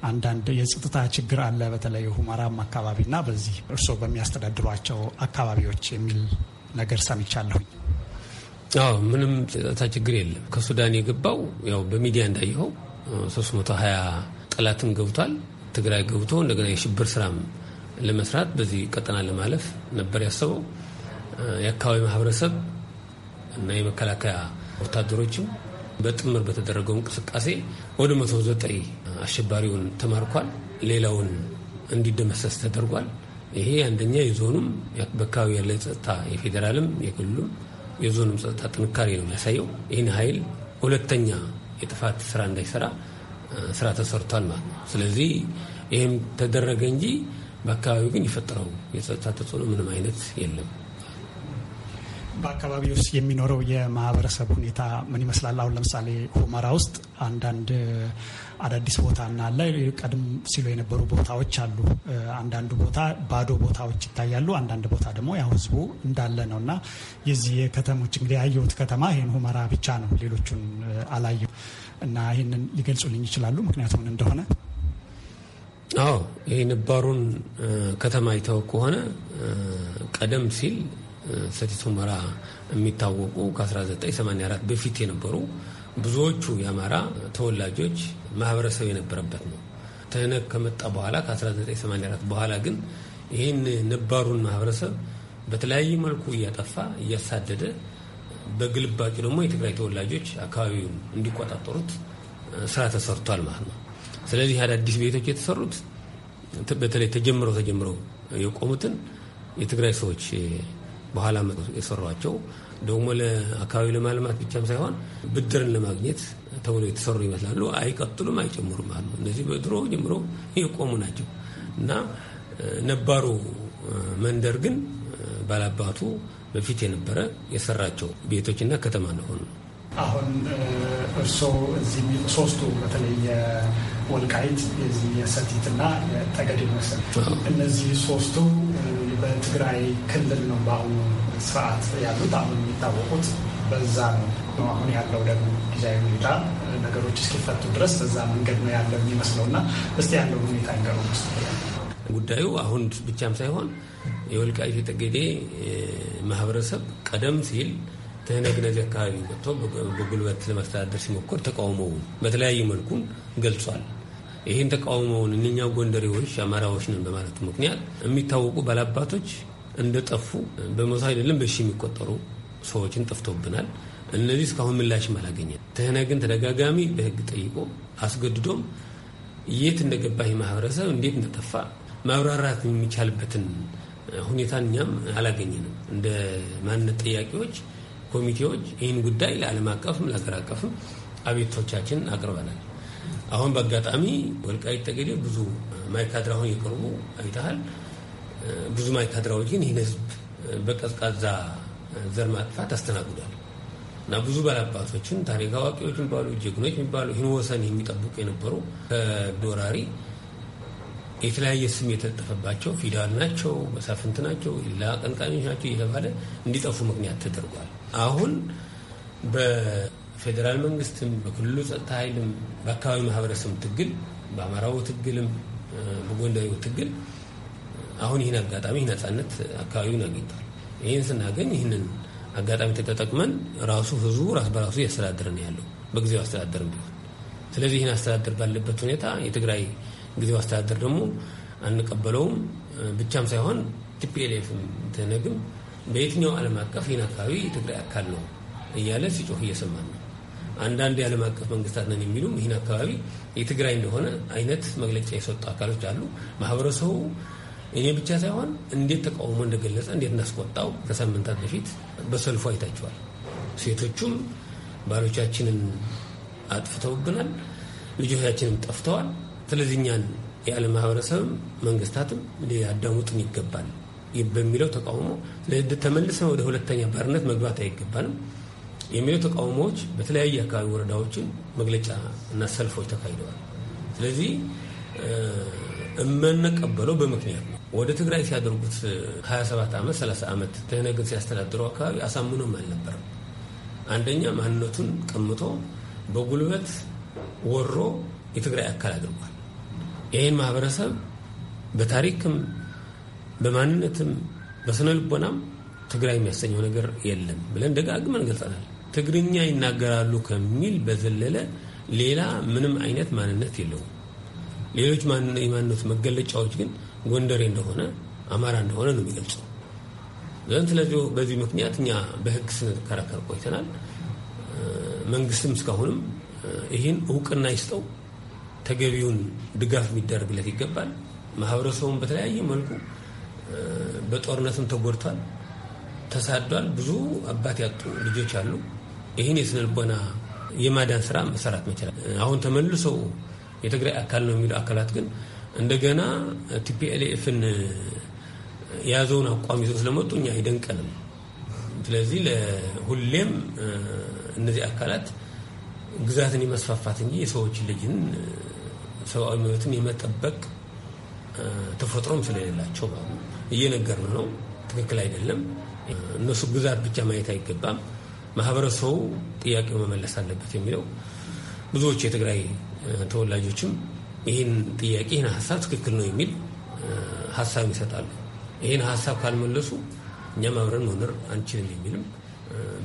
አንዳንድ የጸጥታ ችግር አለ፣ በተለይ ሁመራም አካባቢና በዚህ እርስዎ በሚያስተዳድሯቸው አካባቢዎች የሚል ነገር ሰምቻለሁኝ። አዎ ምንም ጸጥታ ችግር የለም። ከሱዳን የገባው ያው በሚዲያ እንዳየኸው 320 ጠላትም ገብቷል። ትግራይ ገብቶ እንደገና የሽብር ስራም ለመስራት በዚህ ቀጠና ለማለፍ ነበር ያሰበው። የአካባቢ ማህበረሰብ እና የመከላከያ ወታደሮችም በጥምር በተደረገው እንቅስቃሴ ወደ 109 አሸባሪውን ተማርኳል። ሌላውን እንዲደመሰስ ተደርጓል። ይሄ አንደኛ የዞኑም በአካባቢ ያለ ጸጥታ የፌዴራልም የክልሉም የዞንም ጸጥታ ጥንካሬ ነው የሚያሳየው። ይህን ኃይል ሁለተኛ የጥፋት ስራ እንዳይሰራ ስራ ተሰርቷል ማለት ነው። ስለዚህ ይህም ተደረገ እንጂ በአካባቢው ግን የፈጠረው የጸጥታ ተጽዕኖ ምንም አይነት የለም። በአካባቢ ውስጥ የሚኖረው የማህበረሰብ ሁኔታ ምን ይመስላል? አሁን ለምሳሌ ሁመራ ውስጥ አንዳንድ አዳዲስ ቦታ እናለ ቀድም ሲሉ የነበሩ ቦታዎች አሉ። አንዳንዱ ቦታ ባዶ ቦታዎች ይታያሉ። አንዳንድ ቦታ ደግሞ ያው ህዝቡ እንዳለ ነው እና የዚህ የከተሞች እንግዲህ ያየሁት ከተማ ይህን ሁመራ ብቻ ነው። ሌሎቹን አላየሁም እና ይህንን ሊገልጹልኝ ይችላሉ? ምክንያቱም እንደሆነ አዎ ይህ ነባሩን ከተማ ይተወቅ ከሆነ ቀደም ሲል ሰቲት ሁመራ የሚታወቁ ከ1984 በፊት የነበሩ ብዙዎቹ የአማራ ተወላጆች ማህበረሰብ የነበረበት ነው። ትህነግ ከመጣ በኋላ ከ1984 በኋላ ግን ይህን ነባሩን ማህበረሰብ በተለያየ መልኩ እያጠፋ እያሳደደ በግልባጩ ደግሞ የትግራይ ተወላጆች አካባቢውን እንዲቆጣጠሩት ስራ ተሰርቷል ማለት ነው። ስለዚህ አዳዲስ ቤቶች የተሰሩት በተለይ ተጀምረው ተጀምረው የቆሙትን የትግራይ ሰዎች በኋላ መጡ የሰሯቸው ደግሞ ለአካባቢ ለማልማት ብቻም ሳይሆን ብድርን ለማግኘት ተብሎ የተሰሩ ይመስላሉ። አይቀጥሉም፣ አይጨምሩም አሉ። እነዚህ በድሮ ጀምሮ የቆሙ ናቸው እና ነባሩ መንደር ግን ባላባቱ በፊት የነበረ የሰራቸው ቤቶችና ከተማ እንደሆኑ አሁን እርስዎ እዚህ ሶስቱ በተለየ ወልቃይት የዚህ የሰቲትና የጠገዴ መሰል እነዚህ ሶስቱ በትግራይ ክልል ነው በአሁኑ ስርዓት ያሉት። አሁን የሚታወቁት በዛ ነው። አሁን ያለው ደግሞ ጊዜያዊ ሁኔታ ነገሮች እስኪፈቱ ድረስ በዛ መንገድ ነው ያለው የሚመስለው እና እስቲ ያለው ሁኔታ ንገሩ። ጉዳዩ አሁን ብቻም ሳይሆን የወልቃይት ጠገዴ ማህበረሰብ ቀደም ሲል ትህነግ ነዚህ አካባቢ ወጥቶ በጉልበት ለማስተዳደር ሲሞክር ተቃውሞውን በተለያዩ መልኩን ገልጿል። ይህን ተቃውሞውን እነኛ ጎንደሬዎች አማራዎች ነን በማለት ምክንያት የሚታወቁ ባላባቶች እንደጠፉ በመቶ አይደለም በሺ የሚቆጠሩ ሰዎችን ጠፍቶብናል። እነዚህ እስካሁን ምላሽም አላገኘም። ትህነግን ተደጋጋሚ በህግ ጠይቆ አስገድዶም የት እንደገባ ማህበረሰብ እንዴት እንደጠፋ ማብራራት የሚቻልበትን ሁኔታ እኛም አላገኘንም። እንደ ማንነት ጥያቄዎች ኮሚቴዎች ይህን ጉዳይ ለዓለም አቀፍም ለሀገር አቀፍም አቤቶቻችን አቅርበናል። አሁን በአጋጣሚ ወልቃይት ጠገዴ ብዙ ማይካድራ አሁን የቅርቡ አይተሃል። ብዙ ማይካድራዎች ግን ይህን ህዝብ በቀዝቃዛ ዘር ማጥፋት አስተናግዷል እና ብዙ ባላባቶችን ታሪክ አዋቂዎች የሚባሉ ጀግኖች የሚባሉ ይህን ወሰን የሚጠብቁ የነበሩ ከዶራሪ የተለያየ ስም የተጠፈባቸው ፊዳል ናቸው፣ መሳፍንት ናቸው፣ ሌላ አቀንቃኞች ናቸው እየተባለ እንዲጠፉ ምክንያት ተደርጓል። አሁን ፌዴራል መንግስትም በክልሉ ጸጥታ ኃይልም በአካባቢ ማህበረሰብ ትግል፣ በአማራው ትግልም በጎንደሬው ትግል አሁን ይህን አጋጣሚ ይህ ነጻነት አካባቢውን አግኝቷል። ይህን ስናገኝ ይህንን አጋጣሚ ተጠቅመን ራሱ ህዝቡ ራስ በራሱ እያስተዳደረ ነው ያለው በጊዜው አስተዳደርም ቢሆን። ስለዚህ ይህን አስተዳደር ባለበት ሁኔታ የትግራይ ጊዜው አስተዳደር ደግሞ አንቀበለውም ብቻም ሳይሆን ቲፒኤልኤፍ ትነግም በየትኛው ዓለም አቀፍ ይህን አካባቢ የትግራይ አካል ነው እያለ ሲጮህ እየሰማን ነው። አንዳንድ የዓለም አቀፍ መንግስታት ነን የሚሉም ይህን አካባቢ የትግራይ እንደሆነ አይነት መግለጫ የሰጡ አካሎች አሉ። ማህበረሰቡ እኔ ብቻ ሳይሆን እንዴት ተቃውሞ እንደገለጸ እንዴት እንዳስቆጣው ከሳምንታት በፊት በሰልፉ አይታቸዋል። ሴቶቹም ባሎቻችንን አጥፍተውብናል፣ ልጆቻችንም ጠፍተዋል። ስለዚህ እኛን የዓለም ማህበረሰብም መንግስታትም ሊያዳሙጥን ይገባል በሚለው ተቃውሞ ተመልሰን ወደ ሁለተኛ ባርነት መግባት አይገባንም። የሚሉ ተቃውሞዎች በተለያዩ አካባቢ ወረዳዎችን መግለጫ እና ሰልፎች ተካሂደዋል። ስለዚህ እምንቀበለው በምክንያት ነው። ወደ ትግራይ ሲያደርጉት 27 ዓመት 30 ዓመት ትህነግን ሲያስተዳድረው አካባቢ አሳምኖም አልነበረም። አንደኛ ማንነቱን ቀምቶ በጉልበት ወሮ የትግራይ አካል አድርጓል። ይህን ማህበረሰብ በታሪክም በማንነትም በስነ ልቦናም ትግራይ የሚያሰኘው ነገር የለም ብለን ደጋግመን ገልጸናል። ትግርኛ ይናገራሉ ከሚል በዘለለ ሌላ ምንም አይነት ማንነት የለውም። ሌሎች የማንነት መገለጫዎች ግን ጎንደሬ እንደሆነ አማራ እንደሆነ ነው የሚገልጸው። ዘን ስለዚህ በዚህ ምክንያት እኛ በህግ ስንከራከር ቆይተናል። መንግስትም እስካሁንም ይህን እውቅና ይስጠው፣ ተገቢውን ድጋፍ የሚደረግለት ይገባል። ማህበረሰቡን በተለያየ መልኩ በጦርነትም ተጎድቷል፣ ተሳዷል። ብዙ አባት ያጡ ልጆች አሉ። ይህን የስነልቦና የማዳን ስራ መሰራት መችላል። አሁን ተመልሶ የትግራይ አካል ነው የሚሉ አካላት ግን እንደገና ቲፒኤልኤፍን የያዘውን አቋም ይዘው ስለመጡ እኛ አይደንቀንም። ስለዚህ ሁሌም እነዚህ አካላት ግዛትን የመስፋፋት እንጂ የሰዎችን ልጅን ሰብአዊ መብትን የመጠበቅ ተፈጥሮም ስለሌላቸው እየነገርን ነው። ትክክል አይደለም። እነሱ ግዛት ብቻ ማየት አይገባም። ማህበረሰቡ ጥያቄው መመለስ አለበት የሚለው ብዙዎች የትግራይ ተወላጆችም ይህን ጥያቄ ይህን ሀሳብ ትክክል ነው የሚል ሀሳብ ይሰጣሉ። ይህን ሀሳብ ካልመለሱ እኛም አብረን መኖር አንችልም የሚልም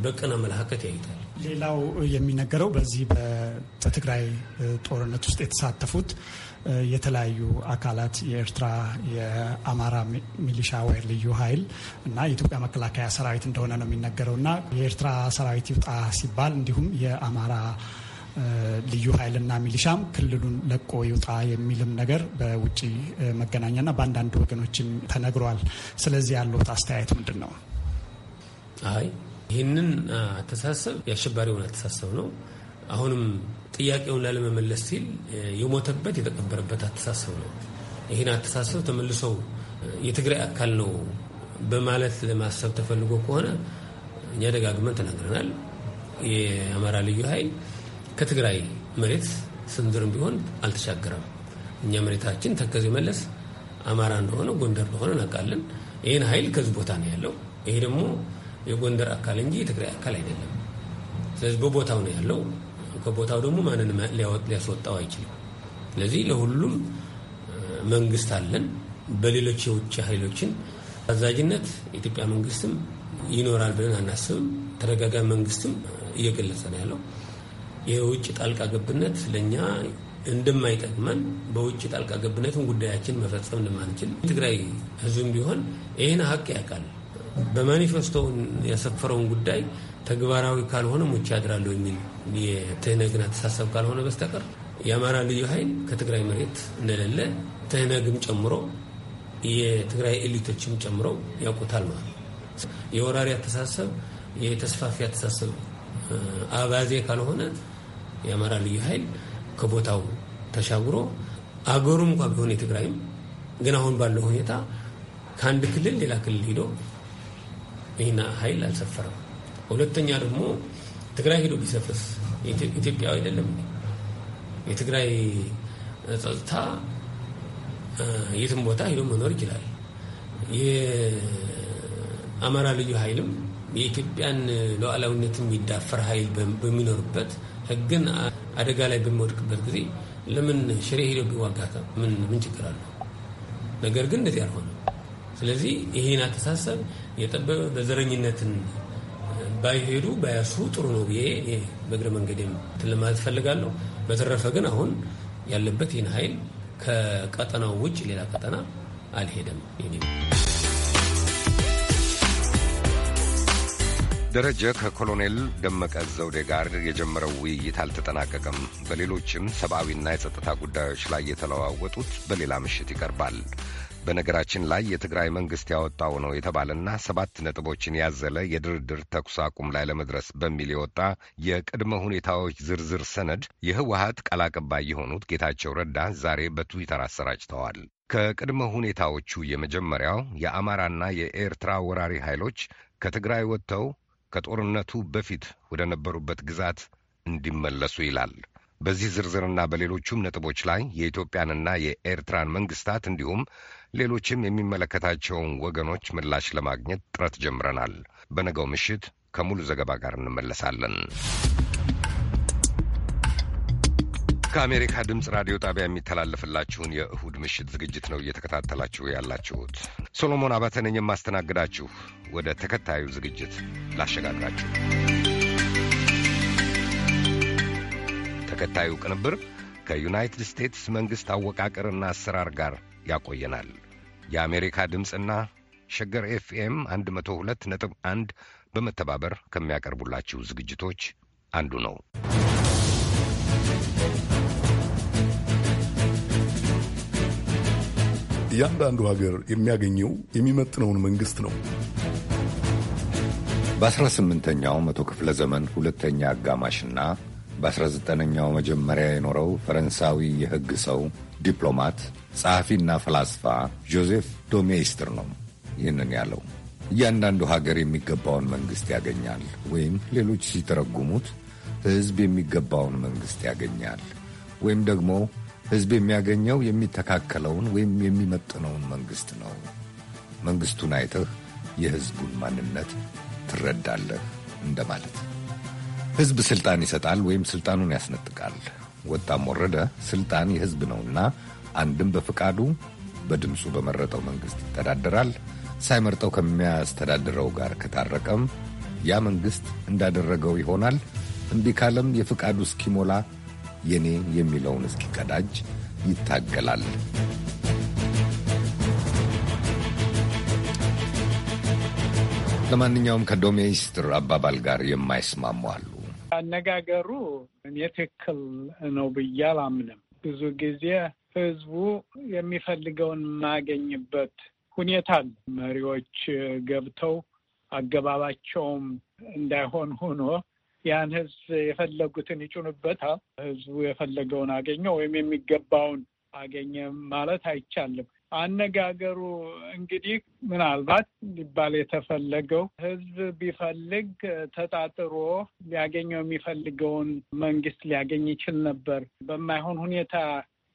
በቀና መላከት ያይታል። ሌላው የሚነገረው በዚህ በትግራይ ጦርነት ውስጥ የተሳተፉት የተለያዩ አካላት የኤርትራ የአማራ ሚሊሻ ወይ ልዩ ኃይል እና የኢትዮጵያ መከላከያ ሰራዊት እንደሆነ ነው የሚነገረው እና የኤርትራ ሰራዊት ይውጣ ሲባል እንዲሁም የአማራ ልዩ ኃይልና ሚሊሻም ክልሉን ለቆ ይውጣ የሚልም ነገር በውጭ መገናኛና በአንዳንድ ወገኖችም ተነግሯል። ስለዚህ ያሉት አስተያየት ምንድን ነው? አይ ይህንን አተሳሰብ የአሸባሪ አተሳሰብ ነው። አሁንም ጥያቄውን ላለመመለስ ሲል የሞተበት የተቀበረበት አተሳሰብ ነው። ይህን አተሳሰብ ተመልሰው የትግራይ አካል ነው በማለት ለማሰብ ተፈልጎ ከሆነ እኛ ደጋግመን ተናግረናል። የአማራ ልዩ ኃይል ከትግራይ መሬት ስንዝርም ቢሆን አልተሻገረም። እኛ መሬታችን ተከዜ መለስ አማራ እንደሆነ ጎንደር እንደሆነ እናውቃለን። ይህን ኃይል ከዚህ ቦታ ነው ያለው። ይሄ ደግሞ የጎንደር አካል እንጂ የትግራይ አካል አይደለም። ስለዚህ በቦታው ነው ያለው። ከቦታው ደግሞ ማንን ሊያስወጣው አይችልም። ስለዚህ ለሁሉም መንግስት አለን። በሌሎች የውጭ ኃይሎችን አዛዥነት የኢትዮጵያ መንግስትም ይኖራል ብለን አናስብም። ተደጋጋሚ መንግስትም እየገለጸ ነው ያለው። የውጭ ጣልቃ ገብነት ለእኛ እንደማይጠቅመን በውጭ ጣልቃ ገብነትን ጉዳያችን መፈጸም እንደማንችል ትግራይ ህዝብም ቢሆን ይህን ሀቅ ያውቃል። በማኒፌስቶውን ያሰፈረውን ጉዳይ ተግባራዊ ካልሆነ ሞቼ አድራለሁ የሚል የትህነግን አተሳሰብ ካልሆነ በስተቀር የአማራ ልዩ ኃይል ከትግራይ መሬት እንደሌለ ትህነግም ጨምሮ የትግራይ ኤሊቶችም ጨምሮ ያውቁታል ማለት የወራሪ አተሳሰብ የተስፋፊ አተሳሰብ አባዜ ካልሆነ የአማራ ልዩ ኃይል ከቦታው ተሻግሮ አገሩም እንኳ ቢሆን የትግራይም ግን አሁን ባለው ሁኔታ ከአንድ ክልል ሌላ ክልል ሄዶ ይህና ኃይል አልሰፈረም። ሁለተኛ ደግሞ ትግራይ ሄዶ ቢሰፍስ ኢትዮጵያዊ አይደለም? የትግራይ ጸጥታ የትም ቦታ ሄዶ መኖር ይችላል። የአማራ ልዩ ኃይልም የኢትዮጵያን ሉዓላዊነት የሚዳፈር ኃይል በሚኖርበት ህግን አደጋ ላይ በሚወድቅበት ጊዜ ለምን ሽሬ ሄዶ ቢዋጋ ምን ችግር አለው? ነገር ግን እንደዚህ አልሆነም። ስለዚህ ይህን አተሳሰብ የጠበበ በዘረኝነትን ባይሄዱ ባያስሩ ጥሩ ነው ብዬ በእግረ መንገዴም ትልማት ፈልጋለሁ። በተረፈ ግን አሁን ያለበት ይህን ኃይል ከቀጠናው ውጭ ሌላ ቀጠና አልሄደም። ደረጀ ከኮሎኔል ደመቀ ዘውዴ ጋር የጀመረው ውይይት አልተጠናቀቀም። በሌሎችም ሰብአዊና የጸጥታ ጉዳዮች ላይ የተለዋወጡት በሌላ ምሽት ይቀርባል። በነገራችን ላይ የትግራይ መንግስት ያወጣው ነው የተባለና ሰባት ነጥቦችን ያዘለ የድርድር ተኩስ አቁም ላይ ለመድረስ በሚል የወጣ የቅድመ ሁኔታዎች ዝርዝር ሰነድ የህወሀት ቃል አቀባይ የሆኑት ጌታቸው ረዳ ዛሬ በትዊተር አሰራጭተዋል። ከቅድመ ሁኔታዎቹ የመጀመሪያው የአማራና የኤርትራ ወራሪ ኃይሎች ከትግራይ ወጥተው ከጦርነቱ በፊት ወደ ነበሩበት ግዛት እንዲመለሱ ይላል። በዚህ ዝርዝርና በሌሎቹም ነጥቦች ላይ የኢትዮጵያንና የኤርትራን መንግስታት እንዲሁም ሌሎችም የሚመለከታቸውን ወገኖች ምላሽ ለማግኘት ጥረት ጀምረናል። በነገው ምሽት ከሙሉ ዘገባ ጋር እንመለሳለን። ከአሜሪካ ድምፅ ራዲዮ ጣቢያ የሚተላለፍላችሁን የእሁድ ምሽት ዝግጅት ነው እየተከታተላችሁ ያላችሁት። ሶሎሞን አባተ ነኝ የማስተናግዳችሁ። ወደ ተከታዩ ዝግጅት ላሸጋግራችሁ። ተከታዩ ቅንብር ከዩናይትድ ስቴትስ መንግሥት አወቃቀርና አሰራር ጋር ያቆየናል። የአሜሪካ ድምፅና ሸገር ኤፍኤም 102.1 በመተባበር ከሚያቀርቡላችሁ ዝግጅቶች አንዱ ነው። እያንዳንዱ ሀገር የሚያገኘው የሚመጥነውን መንግሥት ነው። በ18ኛው መቶ ክፍለ ዘመን ሁለተኛ አጋማሽና በ19ኛው መጀመሪያ የኖረው ፈረንሳዊ የሕግ ሰው ዲፕሎማት ጸሐፊና ፈላስፋ ጆዜፍ ዶሜይስትር ነው ይህንን ያለው። እያንዳንዱ ሀገር የሚገባውን መንግሥት ያገኛል፣ ወይም ሌሎች ሲተረጉሙት ሕዝብ የሚገባውን መንግሥት ያገኛል፣ ወይም ደግሞ ሕዝብ የሚያገኘው የሚተካከለውን ወይም የሚመጥነውን መንግሥት ነው። መንግሥቱን አይተህ የሕዝቡን ማንነት ትረዳለህ እንደማለት። ሕዝብ ሥልጣን ይሰጣል ወይም ሥልጣኑን ያስነጥቃል። ወጣም ወረደ ሥልጣን የሕዝብ ነውና አንድም በፍቃዱ በድምፁ በመረጠው መንግሥት ይተዳደራል። ሳይመርጠው ከሚያስተዳድረው ጋር ከታረቀም ያ መንግሥት እንዳደረገው ይሆናል። እምቢ ካለም የፍቃዱ እስኪሞላ የኔ የሚለውን እስኪቀዳጅ ይታገላል። ለማንኛውም ከዶሜስትር አባባል ጋር የማይስማሙ አሉ። አነጋገሩ እኔ ትክክል ነው ብዬ አላምንም። ብዙ ጊዜ ህዝቡ የሚፈልገውን የማያገኝበት ሁኔታ አለ። መሪዎች ገብተው አገባባቸውም እንዳይሆን ሆኖ ያን ህዝብ የፈለጉትን ይጭኑበታል። ህዝቡ የፈለገውን አገኘ ወይም የሚገባውን አገኘ ማለት አይቻልም። አነጋገሩ እንግዲህ ምናልባት ሊባል የተፈለገው ህዝብ ቢፈልግ ተጣጥሮ ሊያገኘው የሚፈልገውን መንግስት ሊያገኝ ይችል ነበር። በማይሆን ሁኔታ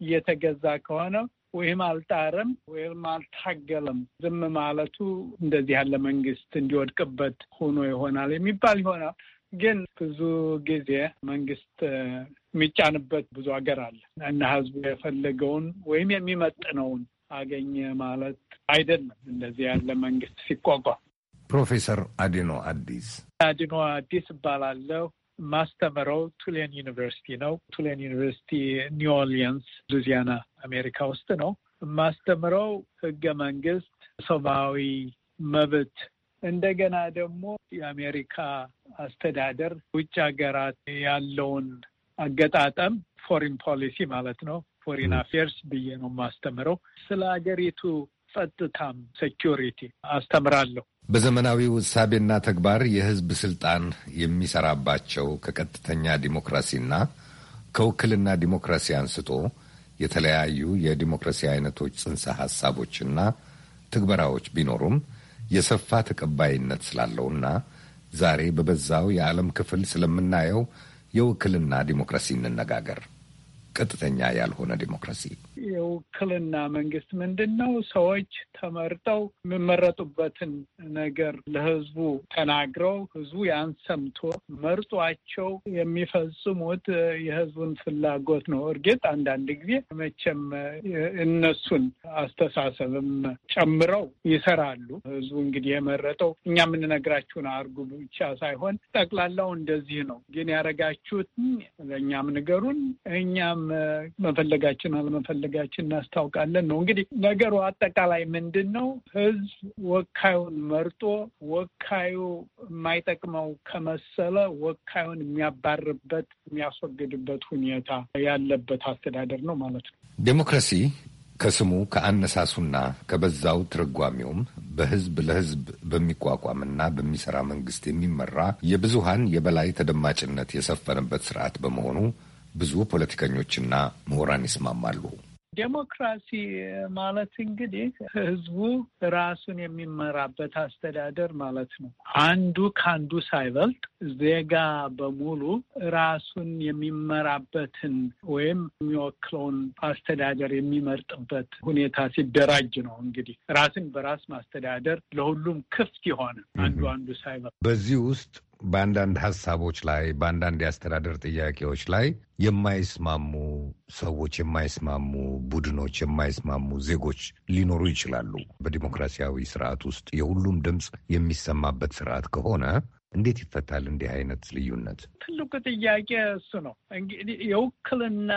እየተገዛ ከሆነ ወይም አልጣርም ወይም አልታገለም ዝም ማለቱ እንደዚህ ያለ መንግስት እንዲወድቅበት ሆኖ ይሆናል የሚባል ይሆናል። ግን ብዙ ጊዜ መንግስት የሚጫንበት ብዙ ሀገር አለ እና ህዝቡ የፈለገውን ወይም የሚመጥነውን አገኘ ማለት አይደለም። እንደዚህ ያለ መንግስት ሲቋቋም ፕሮፌሰር አዲኖ አዲስ አዲኖ አዲስ እባላለሁ። ማስተምረው ቱሌን ዩኒቨርሲቲ ነው። ቱሌን ዩኒቨርሲቲ ኒው ኦርሊንስ ሉዚያና አሜሪካ ውስጥ ነው። ማስተምረው ህገ መንግስት፣ ሰብአዊ መብት እንደገና ደግሞ የአሜሪካ አስተዳደር ውጭ ሀገራት ያለውን አገጣጠም ፎሪን ፖሊሲ ማለት ነው ፎሪን አፌርስ ብዬ ነው የማስተምረው። ስለ ሀገሪቱ ጸጥታም ሴኪሪቲ አስተምራለሁ። በዘመናዊ ውሳቤና ተግባር የህዝብ ስልጣን የሚሰራባቸው ከቀጥተኛ ዲሞክራሲና ከውክልና ዲሞክራሲ አንስቶ የተለያዩ የዲሞክራሲ አይነቶች ጽንሰ ሐሳቦችና ትግበራዎች ቢኖሩም የሰፋ ተቀባይነት ስላለውና ዛሬ በበዛው የዓለም ክፍል ስለምናየው የውክልና ዲሞክራሲ እንነጋገር። ቀጥተኛ ያልሆነ ዲሞክራሲ። የውክልና መንግስት ምንድን ነው? ሰዎች ተመርጠው የሚመረጡበትን ነገር ለህዝቡ ተናግረው ህዝቡ ያን ሰምቶ መርጧቸው የሚፈጽሙት የህዝቡን ፍላጎት ነው። እርግጥ አንዳንድ ጊዜ መቼም እነሱን አስተሳሰብም ጨምረው ይሰራሉ። ህዝቡ እንግዲህ የመረጠው እኛ የምንነግራችሁን አርጉ ብቻ ሳይሆን ጠቅላላው እንደዚህ ነው፣ ግን ያደረጋችሁት ለእኛም ንገሩን እኛም እኛም መፈለጋችን አለመፈለጋችን እናስታውቃለን ነው። እንግዲህ ነገሩ አጠቃላይ ምንድን ነው? ህዝብ ወካዩን መርጦ ወካዩ የማይጠቅመው ከመሰለ ወካዩን የሚያባርበት የሚያስወግድበት ሁኔታ ያለበት አስተዳደር ነው ማለት ነው። ዴሞክራሲ ከስሙ ከአነሳሱና ከበዛው ትርጓሚውም በህዝብ ለህዝብ በሚቋቋምና በሚሰራ መንግስት የሚመራ የብዙሃን የበላይ ተደማጭነት የሰፈነበት ስርዓት በመሆኑ ብዙ ፖለቲከኞችና ምሁራን ይስማማሉ። ዴሞክራሲ ማለት እንግዲህ ህዝቡ ራሱን የሚመራበት አስተዳደር ማለት ነው። አንዱ ከአንዱ ሳይበልጥ ዜጋ በሙሉ ራሱን የሚመራበትን ወይም የሚወክለውን አስተዳደር የሚመርጥበት ሁኔታ ሲደራጅ ነው። እንግዲህ ራስን በራስ ማስተዳደር ለሁሉም ክፍት የሆነ አንዱ አንዱ ሳይበልጥ በዚህ ውስጥ በአንዳንድ ሀሳቦች ላይ በአንዳንድ የአስተዳደር ጥያቄዎች ላይ የማይስማሙ ሰዎች፣ የማይስማሙ ቡድኖች፣ የማይስማሙ ዜጎች ሊኖሩ ይችላሉ። በዲሞክራሲያዊ ስርዓት ውስጥ የሁሉም ድምፅ የሚሰማበት ስርዓት ከሆነ እንዴት ይፈታል? እንዲህ አይነት ልዩነት ትልቁ ጥያቄ እሱ ነው። እንግዲህ የውክልና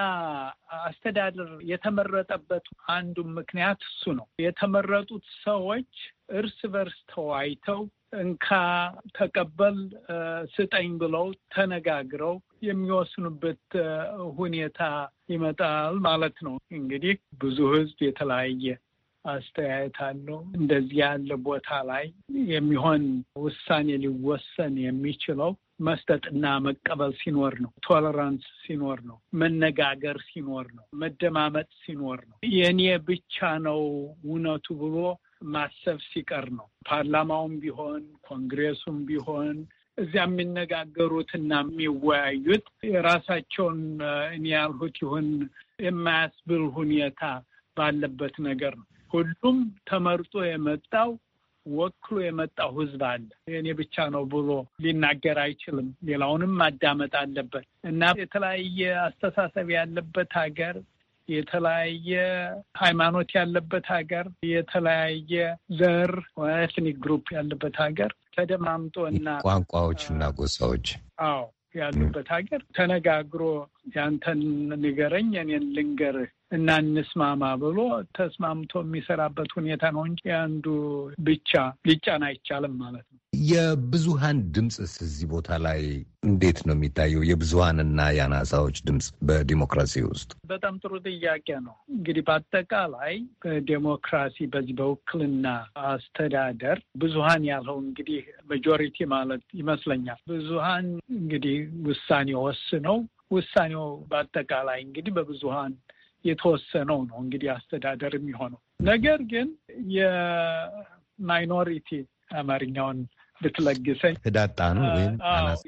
አስተዳደር የተመረጠበት አንዱ ምክንያት እሱ ነው። የተመረጡት ሰዎች እርስ በርስ ተዋይተው እንካ ተቀበል፣ ስጠኝ ብለው ተነጋግረው የሚወስኑበት ሁኔታ ይመጣል ማለት ነው። እንግዲህ ብዙ ህዝብ የተለያየ አስተያየት አለው። እንደዚህ ያለ ቦታ ላይ የሚሆን ውሳኔ ሊወሰን የሚችለው መስጠትና መቀበል ሲኖር ነው። ቶለራንስ ሲኖር ነው። መነጋገር ሲኖር ነው። መደማመጥ ሲኖር ነው። የእኔ ብቻ ነው እውነቱ ብሎ ማሰብ ሲቀር ነው። ፓርላማውም ቢሆን ኮንግሬሱም ቢሆን እዚያ የሚነጋገሩትና የሚወያዩት የራሳቸውን እኔ ያልሁት ይሁን የማያስብል ሁኔታ ባለበት ነገር ነው። ሁሉም ተመርጦ የመጣው ወክሎ የመጣው ህዝብ አለ። እኔ ብቻ ነው ብሎ ሊናገር አይችልም። ሌላውንም ማዳመጥ አለበት እና የተለያየ አስተሳሰብ ያለበት ሀገር የተለያየ ሃይማኖት ያለበት ሀገር፣ የተለያየ ዘር ኤትኒክ ግሩፕ ያለበት ሀገር ተደማምጦ እና ቋንቋዎች እና ጎሳዎች አዎ ያሉበት ሀገር ተነጋግሮ ያንተን ንገረኝ እኔን ልንገርህ እና እንስማማ ብሎ ተስማምቶ የሚሰራበት ሁኔታ ነው እንጂ የአንዱ ብቻ ሊጫን አይቻልም ማለት ነው። የብዙሃን ድምፅስ እዚህ ቦታ ላይ እንዴት ነው የሚታየው? የብዙሃንና የአናሳዎች ድምፅ በዲሞክራሲ ውስጥ በጣም ጥሩ ጥያቄ ነው። እንግዲህ በአጠቃላይ ዲሞክራሲ በዚህ በውክልና አስተዳደር ብዙሃን ያለው እንግዲህ መጆሪቲ ማለት ይመስለኛል። ብዙሃን እንግዲህ ውሳኔ ወስነው ውሳኔው በአጠቃላይ እንግዲህ በብዙሃን የተወሰነው ነው እንግዲህ አስተዳደር የሚሆነው ነገር ግን የማይኖሪቲ አማርኛውን ብትለግሰኝ ህዳጣኑ ወይም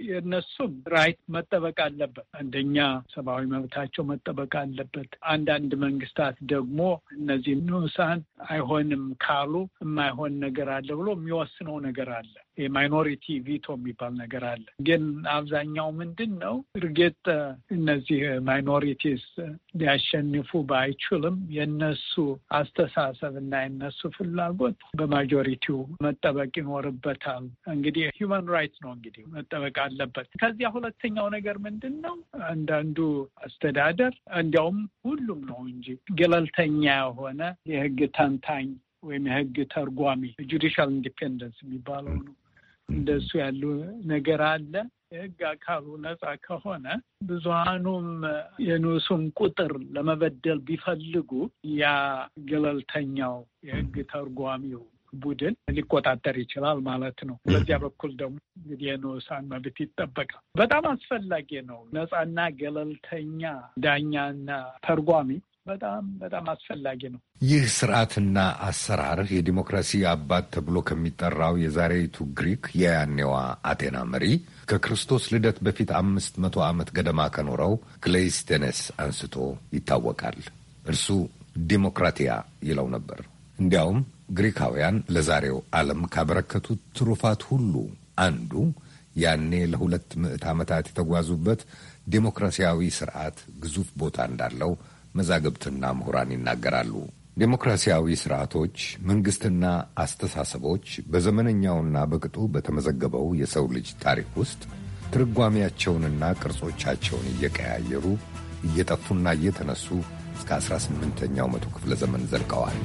የእነሱ ራይት መጠበቅ አለበት። አንደኛ ሰብአዊ መብታቸው መጠበቅ አለበት። አንዳንድ መንግስታት ደግሞ እነዚህ ንዑሳን አይሆንም ካሉ የማይሆን ነገር አለ ብሎ የሚወስነው ነገር አለ። የማይኖሪቲ ቪቶ የሚባል ነገር አለ። ግን አብዛኛው ምንድን ነው እርግጥ እነዚህ ማይኖሪቲስ ሊያሸንፉ ባይችልም የነሱ አስተሳሰብ እና የነሱ ፍላጎት በማጆሪቲው መጠበቅ ይኖርበታል። እንግዲህ ሂውማን ራይትስ ነው እንግዲህ መጠበቅ አለበት። ከዚያ ሁለተኛው ነገር ምንድን ነው አንዳንዱ አስተዳደር እንዲያውም ሁሉም ነው እንጂ ገለልተኛ የሆነ የህግ ተንታኝ ወይም የህግ ተርጓሚ ጁዲሻል ኢንዲፔንደንስ የሚባለው ነው። እንደሱ ያሉ ነገር አለ። የህግ አካሉ ነፃ ከሆነ ብዙሀኑም የንሱም ቁጥር ለመበደል ቢፈልጉ ያ ገለልተኛው የህግ ተርጓሚው ቡድን ሊቆጣጠር ይችላል ማለት ነው። በዚያ በኩል ደግሞ እንግዲህ የንዑሳን መብት ይጠበቃል። በጣም አስፈላጊ ነው። ነፃና ገለልተኛ ዳኛና ተርጓሚ በጣም በጣም አስፈላጊ ነው። ይህ ስርዓትና አሰራር የዲሞክራሲ አባት ተብሎ ከሚጠራው የዛሬይቱ ግሪክ የያኔዋ አቴና መሪ ከክርስቶስ ልደት በፊት አምስት መቶ ዓመት ገደማ ከኖረው ክሌይስቴነስ አንስቶ ይታወቃል። እርሱ ዲሞክራቲያ ይለው ነበር። እንዲያውም ግሪካውያን ለዛሬው ዓለም ካበረከቱት ትሩፋት ሁሉ አንዱ ያኔ ለሁለት ምዕት ዓመታት የተጓዙበት ዲሞክራሲያዊ ስርዓት ግዙፍ ቦታ እንዳለው መዛግብትና ምሁራን ይናገራሉ። ዴሞክራሲያዊ ስርዓቶች፣ መንግስትና አስተሳሰቦች በዘመነኛውና በቅጡ በተመዘገበው የሰው ልጅ ታሪክ ውስጥ ትርጓሜያቸውንና ቅርጾቻቸውን እየቀያየሩ እየጠፉና እየተነሱ እስከ 18ኛው መቶ ክፍለ ዘመን ዘልቀዋል።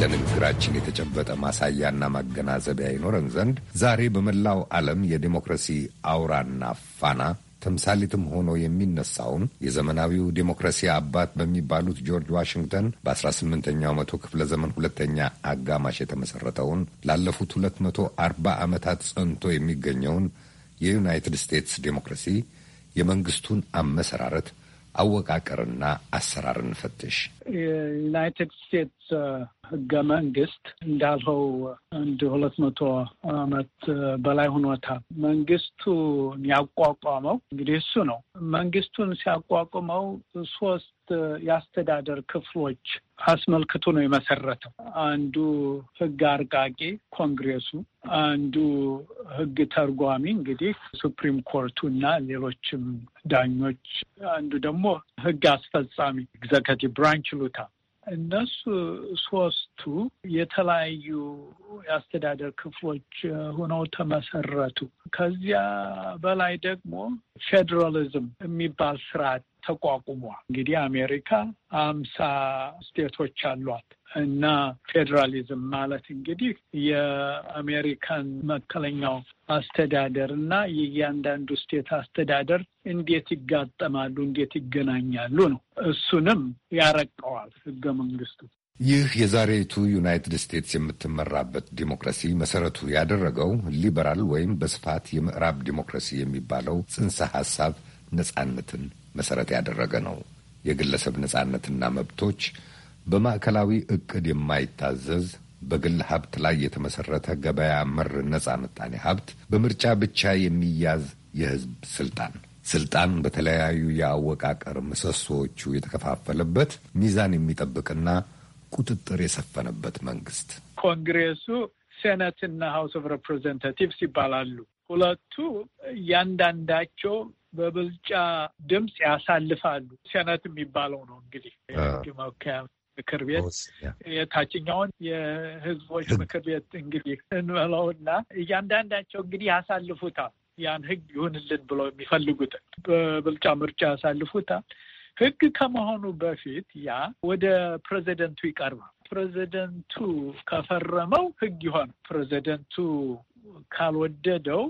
ለንግግራችን የተጨበጠ ማሳያና ማገናዘቢያ ይኖረን ዘንድ ዛሬ በመላው ዓለም የዲሞክራሲ አውራና ፋና ተምሳሌትም ሆኖ የሚነሳውን የዘመናዊው ዴሞክራሲ አባት በሚባሉት ጆርጅ ዋሽንግተን በ18ኛው መቶ ክፍለ ዘመን ሁለተኛ አጋማሽ የተመሰረተውን ላለፉት 240 ዓመታት ጸንቶ የሚገኘውን የዩናይትድ ስቴትስ ዴሞክራሲ የመንግስቱን አመሰራረት አወቃቀርና አሰራርን ፈትሽ። የዩናይትድ ስቴትስ ህገ መንግስት እንዳልኸው አንድ ሁለት መቶ አመት በላይ ሆኖታል። መንግስቱን ያቋቋመው እንግዲህ እሱ ነው። መንግስቱን ሲያቋቁመው ሶስት የአስተዳደር ክፍሎች አስመልክቶ ነው የመሰረተው። አንዱ ህግ አርቃቂ ኮንግሬሱ፣ አንዱ ህግ ተርጓሚ እንግዲህ ሱፕሪም ኮርቱ እና ሌሎችም ዳኞች፣ አንዱ ደግሞ ህግ አስፈጻሚ ኤግዘከቲቭ ብራንች ይሉታል። እነሱ ሶስቱ የተለያዩ የአስተዳደር ክፍሎች ሆነው ተመሰረቱ። ከዚያ በላይ ደግሞ ፌዴራሊዝም የሚባል ስርዓት ተቋቁሟል። እንግዲህ አሜሪካ አምሳ ስቴቶች አሏት እና ፌዴራሊዝም ማለት እንግዲህ የአሜሪካን መከለኛው አስተዳደር እና የእያንዳንዱ ስቴት አስተዳደር እንዴት ይጋጠማሉ፣ እንዴት ይገናኛሉ ነው። እሱንም ያረቀዋል ህገ መንግስቱ። ይህ የዛሬቱ ዩናይትድ ስቴትስ የምትመራበት ዲሞክራሲ መሰረቱ ያደረገው ሊበራል ወይም በስፋት የምዕራብ ዲሞክራሲ የሚባለው ጽንሰ ሀሳብ ነጻነትን መሰረት ያደረገ ነው። የግለሰብ ነጻነትና መብቶች በማዕከላዊ እቅድ የማይታዘዝ በግል ሀብት ላይ የተመሰረተ ገበያ መር ነጻ ምጣኔ ሀብት፣ በምርጫ ብቻ የሚያዝ የህዝብ ስልጣን፣ ስልጣን በተለያዩ የአወቃቀር ምሰሶዎቹ የተከፋፈለበት ሚዛን የሚጠብቅና ቁጥጥር የሰፈነበት መንግስት። ኮንግሬሱ ሴነትና ሀውስ ኦፍ ሬፕሬዘንታቲቭስ ይባላሉ። ሁለቱ እያንዳንዳቸው በብልጫ ድምፅ ያሳልፋሉ። ሴነት የሚባለው ነው እንግዲህ የህግ ምክር ቤት የታችኛውን የህዝቦች ምክር ቤት እንግዲህ እንበለውና እያንዳንዳቸው እንግዲህ ያሳልፉታል። ያን ህግ ይሁንልን ብለው የሚፈልጉትን በብልጫ ምርጫ ያሳልፉታል። ህግ ከመሆኑ በፊት ያ ወደ ፕሬዚደንቱ ይቀርባል። ፕሬዚደንቱ ከፈረመው ህግ ይሆን ፕሬዚደንቱ ካልወደደው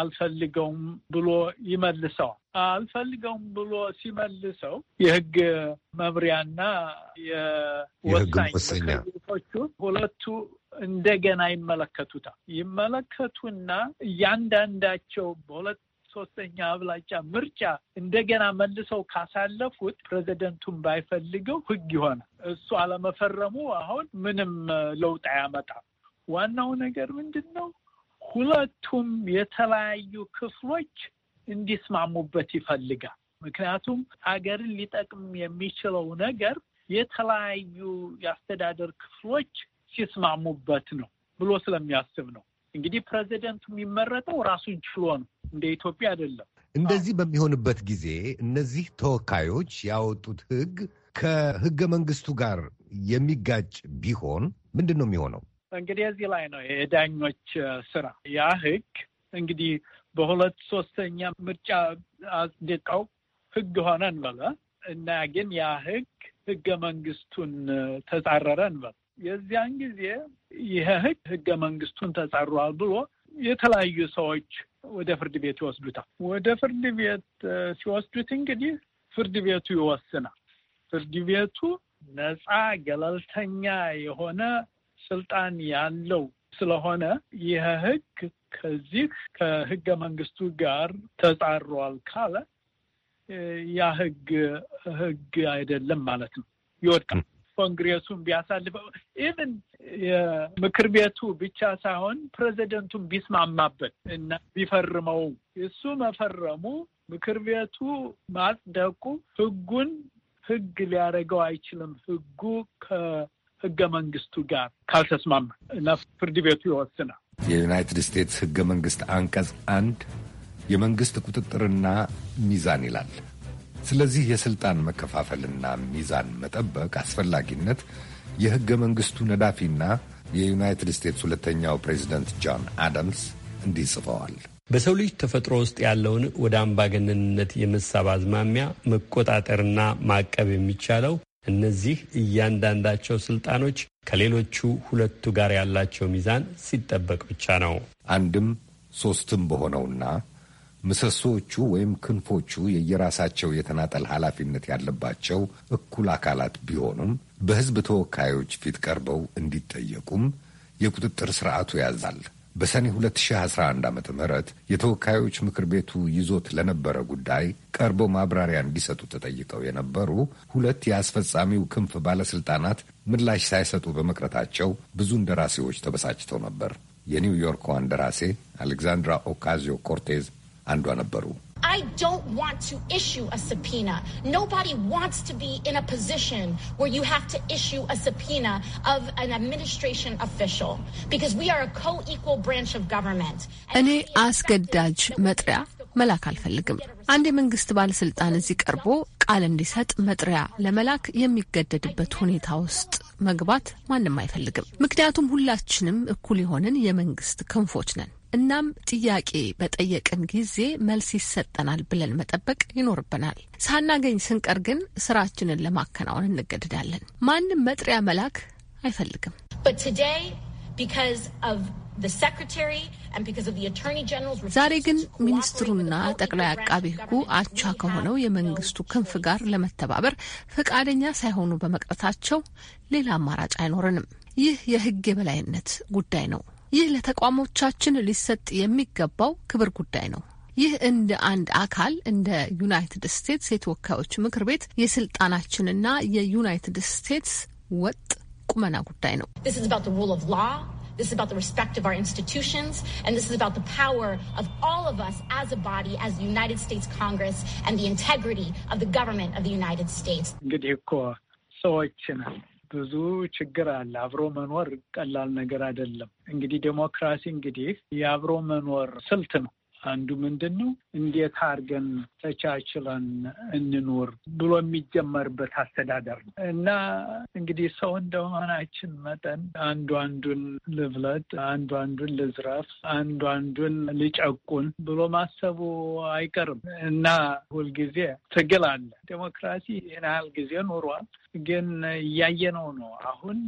አልፈልገውም ብሎ ይመልሰዋል። አልፈልገውም ብሎ ሲመልሰው የህግ መምሪያና የወሳኝቶቹ ሁለቱ እንደገና ይመለከቱታል። ይመለከቱና እያንዳንዳቸው በሁለት ሶስተኛ አብላጫ ምርጫ እንደገና መልሰው ካሳለፉት ፕሬዚደንቱን ባይፈልገው ህግ ይሆናል። እሱ አለመፈረሙ አሁን ምንም ለውጥ አያመጣም። ዋናው ነገር ምንድን ነው? ሁለቱም የተለያዩ ክፍሎች እንዲስማሙበት ይፈልጋል። ምክንያቱም ሀገርን ሊጠቅም የሚችለው ነገር የተለያዩ የአስተዳደር ክፍሎች ሲስማሙበት ነው ብሎ ስለሚያስብ ነው። እንግዲህ ፕሬዚደንቱ የሚመረጠው ራሱን ችሎ ነው፣ እንደ ኢትዮጵያ አይደለም። እንደዚህ በሚሆንበት ጊዜ እነዚህ ተወካዮች ያወጡት ህግ ከህገ መንግስቱ ጋር የሚጋጭ ቢሆን ምንድን ነው የሚሆነው? እንግዲህ እዚህ ላይ ነው የዳኞች ስራ። ያ ህግ እንግዲህ በሁለት ሶስተኛ ምርጫ አጽድቀው ህግ ሆነ እንበለ እና ግን ያ ህግ ህገ መንግስቱን ተጻረረ እንበለ የዚያን ጊዜ ይሄ ህግ ህገ መንግስቱን ተጻሯል ብሎ የተለያዩ ሰዎች ወደ ፍርድ ቤት ይወስዱታል። ወደ ፍርድ ቤት ሲወስዱት እንግዲህ ፍርድ ቤቱ ይወስናል። ፍርድ ቤቱ ነፃ ገለልተኛ የሆነ ስልጣን ያለው ስለሆነ ይህ ህግ ከዚህ ከህገ መንግስቱ ጋር ተጻሯል ካለ ያ ህግ ህግ አይደለም ማለት ነው፣ ይወድቃል። ኮንግሬሱን ቢያሳልፈው ኢቨን የምክር ቤቱ ብቻ ሳይሆን ፕሬዚደንቱን ቢስማማበት እና ቢፈርመው እሱ መፈረሙ ምክር ቤቱ ማጽደቁ ህጉን ህግ ሊያደርገው አይችልም። ህጉ ህገ መንግስቱ ጋር ካልተስማማ እና ፍርድ ቤቱ ይወስናል። የዩናይትድ ስቴትስ ህገ መንግስት አንቀጽ አንድ የመንግስት ቁጥጥርና ሚዛን ይላል። ስለዚህ የስልጣን መከፋፈልና ሚዛን መጠበቅ አስፈላጊነት የህገ መንግስቱ ነዳፊና የዩናይትድ ስቴትስ ሁለተኛው ፕሬዚደንት ጆን አዳምስ እንዲህ ጽፈዋል። በሰው ልጅ ተፈጥሮ ውስጥ ያለውን ወደ አምባገነንነት የመሳብ አዝማሚያ መቆጣጠርና ማቀብ የሚቻለው እነዚህ እያንዳንዳቸው ስልጣኖች ከሌሎቹ ሁለቱ ጋር ያላቸው ሚዛን ሲጠበቅ ብቻ ነው። አንድም ሶስትም በሆነውና ምሰሶዎቹ ወይም ክንፎቹ የየራሳቸው የተናጠል ኃላፊነት ያለባቸው እኩል አካላት ቢሆኑም በሕዝብ ተወካዮች ፊት ቀርበው እንዲጠየቁም የቁጥጥር ስርዓቱ ያዛል። በሰኔ 2011 ዓ ም የተወካዮች ምክር ቤቱ ይዞት ለነበረ ጉዳይ ቀርቦ ማብራሪያ እንዲሰጡ ተጠይቀው የነበሩ ሁለት የአስፈጻሚው ክንፍ ባለሥልጣናት ምላሽ ሳይሰጡ በመቅረታቸው ብዙ እንደራሴዎች ተበሳጭተው ነበር። የኒውዮርኳ ደራሴ አሌክዛንድራ ኦካዚዮ ኮርቴዝ አንዷ ነበሩ። I don't want to issue a subpoena. Nobody wants to be in a position where you have to issue a subpoena of an administration official because we are a co-equal branch of government. እኔ አስገዳጅ መጥሪያ መላክ አልፈልግም። አንድ የመንግስት ባለስልጣን እዚህ ቀርቦ ቃል እንዲሰጥ መጥሪያ ለመላክ የሚገደድበት ሁኔታ ውስጥ መግባት ማንም አይፈልግም። ምክንያቱም ሁላችንም እኩል የሆንን የመንግስት ክንፎች ነን። እናም ጥያቄ በጠየቅን ጊዜ መልስ ይሰጠናል ብለን መጠበቅ ይኖርብናል። ሳናገኝ ስንቀር ግን ስራችንን ለማከናወን እንገደዳለን። ማንም መጥሪያ መላክ አይፈልግም። ዛሬ ግን ሚኒስትሩና ጠቅላይ አቃቢ ሕጉ አቻ ከሆነው የመንግስቱ ክንፍ ጋር ለመተባበር ፈቃደኛ ሳይሆኑ በመቅረታቸው ሌላ አማራጭ አይኖረንም። ይህ የህግ የበላይነት ጉዳይ ነው። ይህ ለተቋሞቻችን ሊሰጥ የሚገባው ክብር ጉዳይ ነው። ይህ እንደ አንድ አካል እንደ ዩናይትድ ስቴትስ የተወካዮች ምክር ቤት የስልጣናችንና የዩናይትድ ስቴትስ ወጥ ቁመና ጉዳይ ነው። This is about the respect of our institutions, and this is about the power of all of us as a body, as the United States Congress, and the integrity of the government of the United States. ብዙ ችግር አለ። አብሮ መኖር ቀላል ነገር አይደለም። እንግዲህ ዴሞክራሲ እንግዲህ የአብሮ መኖር ስልት ነው። አንዱ ምንድን ነው እንዴት አድርገን ተቻችለን እንኑር ብሎ የሚጀመርበት አስተዳደር ነው እና እንግዲህ ሰው እንደመሆናችን መጠን አንዱ አንዱን ልብለጥ፣ አንዱ አንዱን ልዝረፍ፣ አንዱ አንዱን ልጨቁን ብሎ ማሰቡ አይቀርም እና ሁልጊዜ ትግል አለ። ዴሞክራሲ ይህን ያህል ጊዜ ኖሯል፣ ግን እያየነው ነው። አሁን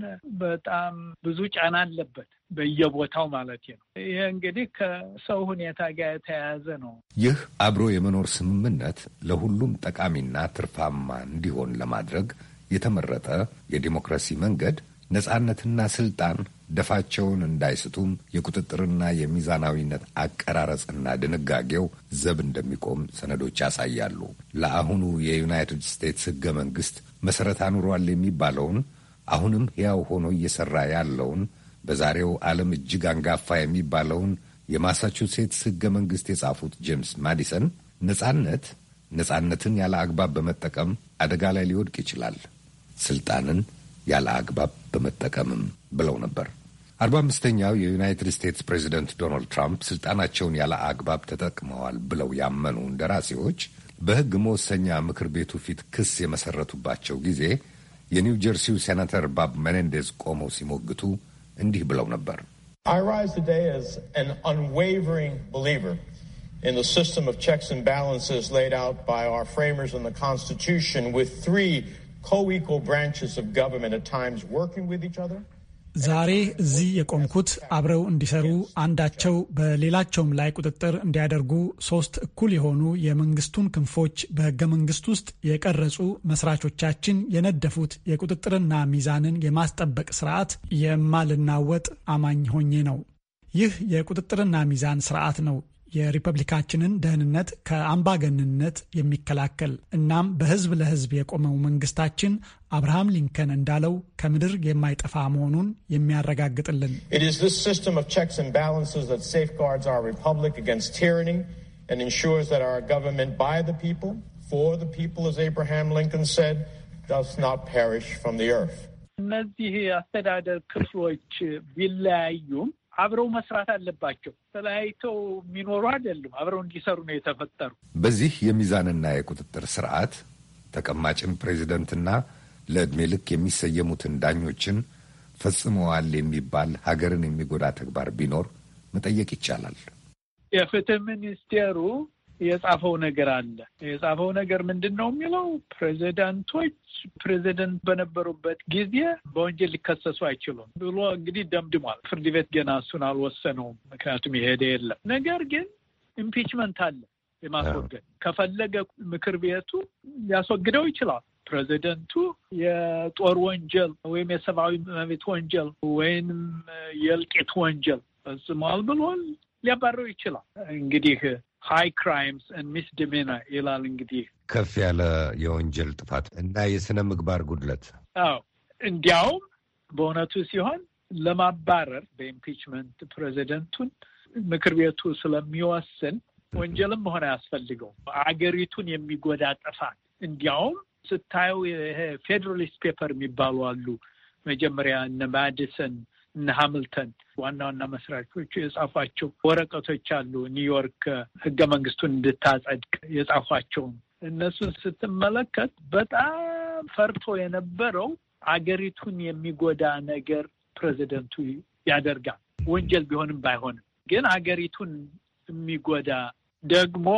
በጣም ብዙ ጫና አለበት በየቦታው ማለት ነው። ይህ እንግዲህ ከሰው ሁኔታ ጋር የተያያዘ ነው። ይህ አብሮ የመኖር ስምምነት ስምምነት ለሁሉም ጠቃሚና ትርፋማ እንዲሆን ለማድረግ የተመረጠ የዲሞክራሲ መንገድ ነጻነትና ስልጣን ደፋቸውን እንዳይስቱም የቁጥጥርና የሚዛናዊነት አቀራረጽና ድንጋጌው ዘብ እንደሚቆም ሰነዶች ያሳያሉ። ለአሁኑ የዩናይትድ ስቴትስ ሕገ መንግሥት መሠረት አኑሯል የሚባለውን አሁንም ሕያው ሆኖ እየሠራ ያለውን በዛሬው ዓለም እጅግ አንጋፋ የሚባለውን የማሳቹሴትስ ሕገ መንግሥት የጻፉት ጄምስ ማዲሰን ነጻነት ነጻነትን ያለ አግባብ በመጠቀም አደጋ ላይ ሊወድቅ ይችላል፣ ስልጣንን ያለ አግባብ በመጠቀምም ብለው ነበር። አርባ አምስተኛው የዩናይትድ ስቴትስ ፕሬዚደንት ዶናልድ ትራምፕ ስልጣናቸውን ያለ አግባብ ተጠቅመዋል ብለው ያመኑ እንደራሴዎች በሕግ መወሰኛ ምክር ቤቱ ፊት ክስ የመሰረቱባቸው ጊዜ የኒው ጀርሲው ሴናተር ባብ ሜኔንዴዝ ቆመው ሲሞግቱ እንዲህ ብለው ነበር። I rise today as an unwavering believer in the system of checks and balances laid out by our framers in the Constitution with three co equal branches of government at times working with each other? ዛሬ እዚህ የቆምኩት አብረው እንዲሰሩ አንዳቸው በሌላቸውም ላይ ቁጥጥር እንዲያደርጉ ሶስት እኩል የሆኑ የመንግስቱን ክንፎች በህገ መንግስት ውስጥ የቀረጹ መስራቾቻችን የነደፉት የቁጥጥርና ሚዛንን የማስጠበቅ ስርዓት የማልናወጥ አማኝ ሆኜ ነው። ይህ የቁጥጥርና ሚዛን ስርዓት ነው የሪፐብሊካችንን ደህንነት ከአምባገንነት የሚከላከል እናም በህዝብ ለህዝብ የቆመው መንግስታችን አብርሃም ሊንከን እንዳለው ከምድር የማይጠፋ መሆኑን የሚያረጋግጥልን and ensures that our government by the people, for the people, as Abraham Lincoln said, does not perish from the earth. እነዚህ አስተዳደር ክፍሎች ቢለያዩም አብረው መስራት አለባቸው። ተለያይተው የሚኖሩ አይደሉም። አብረው እንዲሰሩ ነው የተፈጠሩ። በዚህ የሚዛንና የቁጥጥር ስርዓት ተቀማጭን ፕሬዚደንትና ለዕድሜ ልክ የሚሰየሙትን ዳኞችን ፈጽመዋል የሚባል ሀገርን የሚጎዳ ተግባር ቢኖር መጠየቅ ይቻላል። የፍትህ ሚኒስቴሩ የጻፈው ነገር አለ። የጻፈው ነገር ምንድን ነው የሚለው ፕሬዚዳንቶች ፕሬዚደንት በነበሩበት ጊዜ በወንጀል ሊከሰሱ አይችሉም ብሎ እንግዲህ ደምድሟል። ፍርድ ቤት ገና እሱን አልወሰነውም፣ ምክንያቱም የሄደ የለም። ነገር ግን ኢምፒችመንት አለ የማስወገድ ከፈለገ ምክር ቤቱ ሊያስወግደው ይችላል። ፕሬዚደንቱ የጦር ወንጀል ወይም የሰብአዊ መብት ወንጀል ወይም የእልቂት ወንጀል ፈጽሟል ብሎ ሊያባረው ይችላል። እንግዲህ ሃይ ክራይምስ ን ሚስዲሜና ይላል እንግዲህ ከፍ ያለ የወንጀል ጥፋት እና የስነ ምግባር ጉድለት። አዎ እንዲያውም በእውነቱ ሲሆን ለማባረር በኢምፒችመንት ፕሬዚደንቱን ምክር ቤቱ ስለሚወስን ወንጀልም መሆን አያስፈልገውም። አገሪቱን የሚጎዳ ጥፋት እንዲያውም ስታዩ ይሄ ፌዴራሊስት ፔፐር የሚባሉ አሉ። መጀመሪያ እነ ማዲሰን እነ ሃምልተን ዋና ዋና መስራቾቹ የጻፏቸው ወረቀቶች አሉ። ኒውዮርክ ህገ መንግስቱን እንድታጸድቅ የጻፏቸውን እነሱን ስትመለከት በጣም ፈርቶ የነበረው አገሪቱን የሚጎዳ ነገር ፕሬዚደንቱ ያደርጋል። ወንጀል ቢሆንም ባይሆንም ግን አገሪቱን የሚጎዳ ደግሞ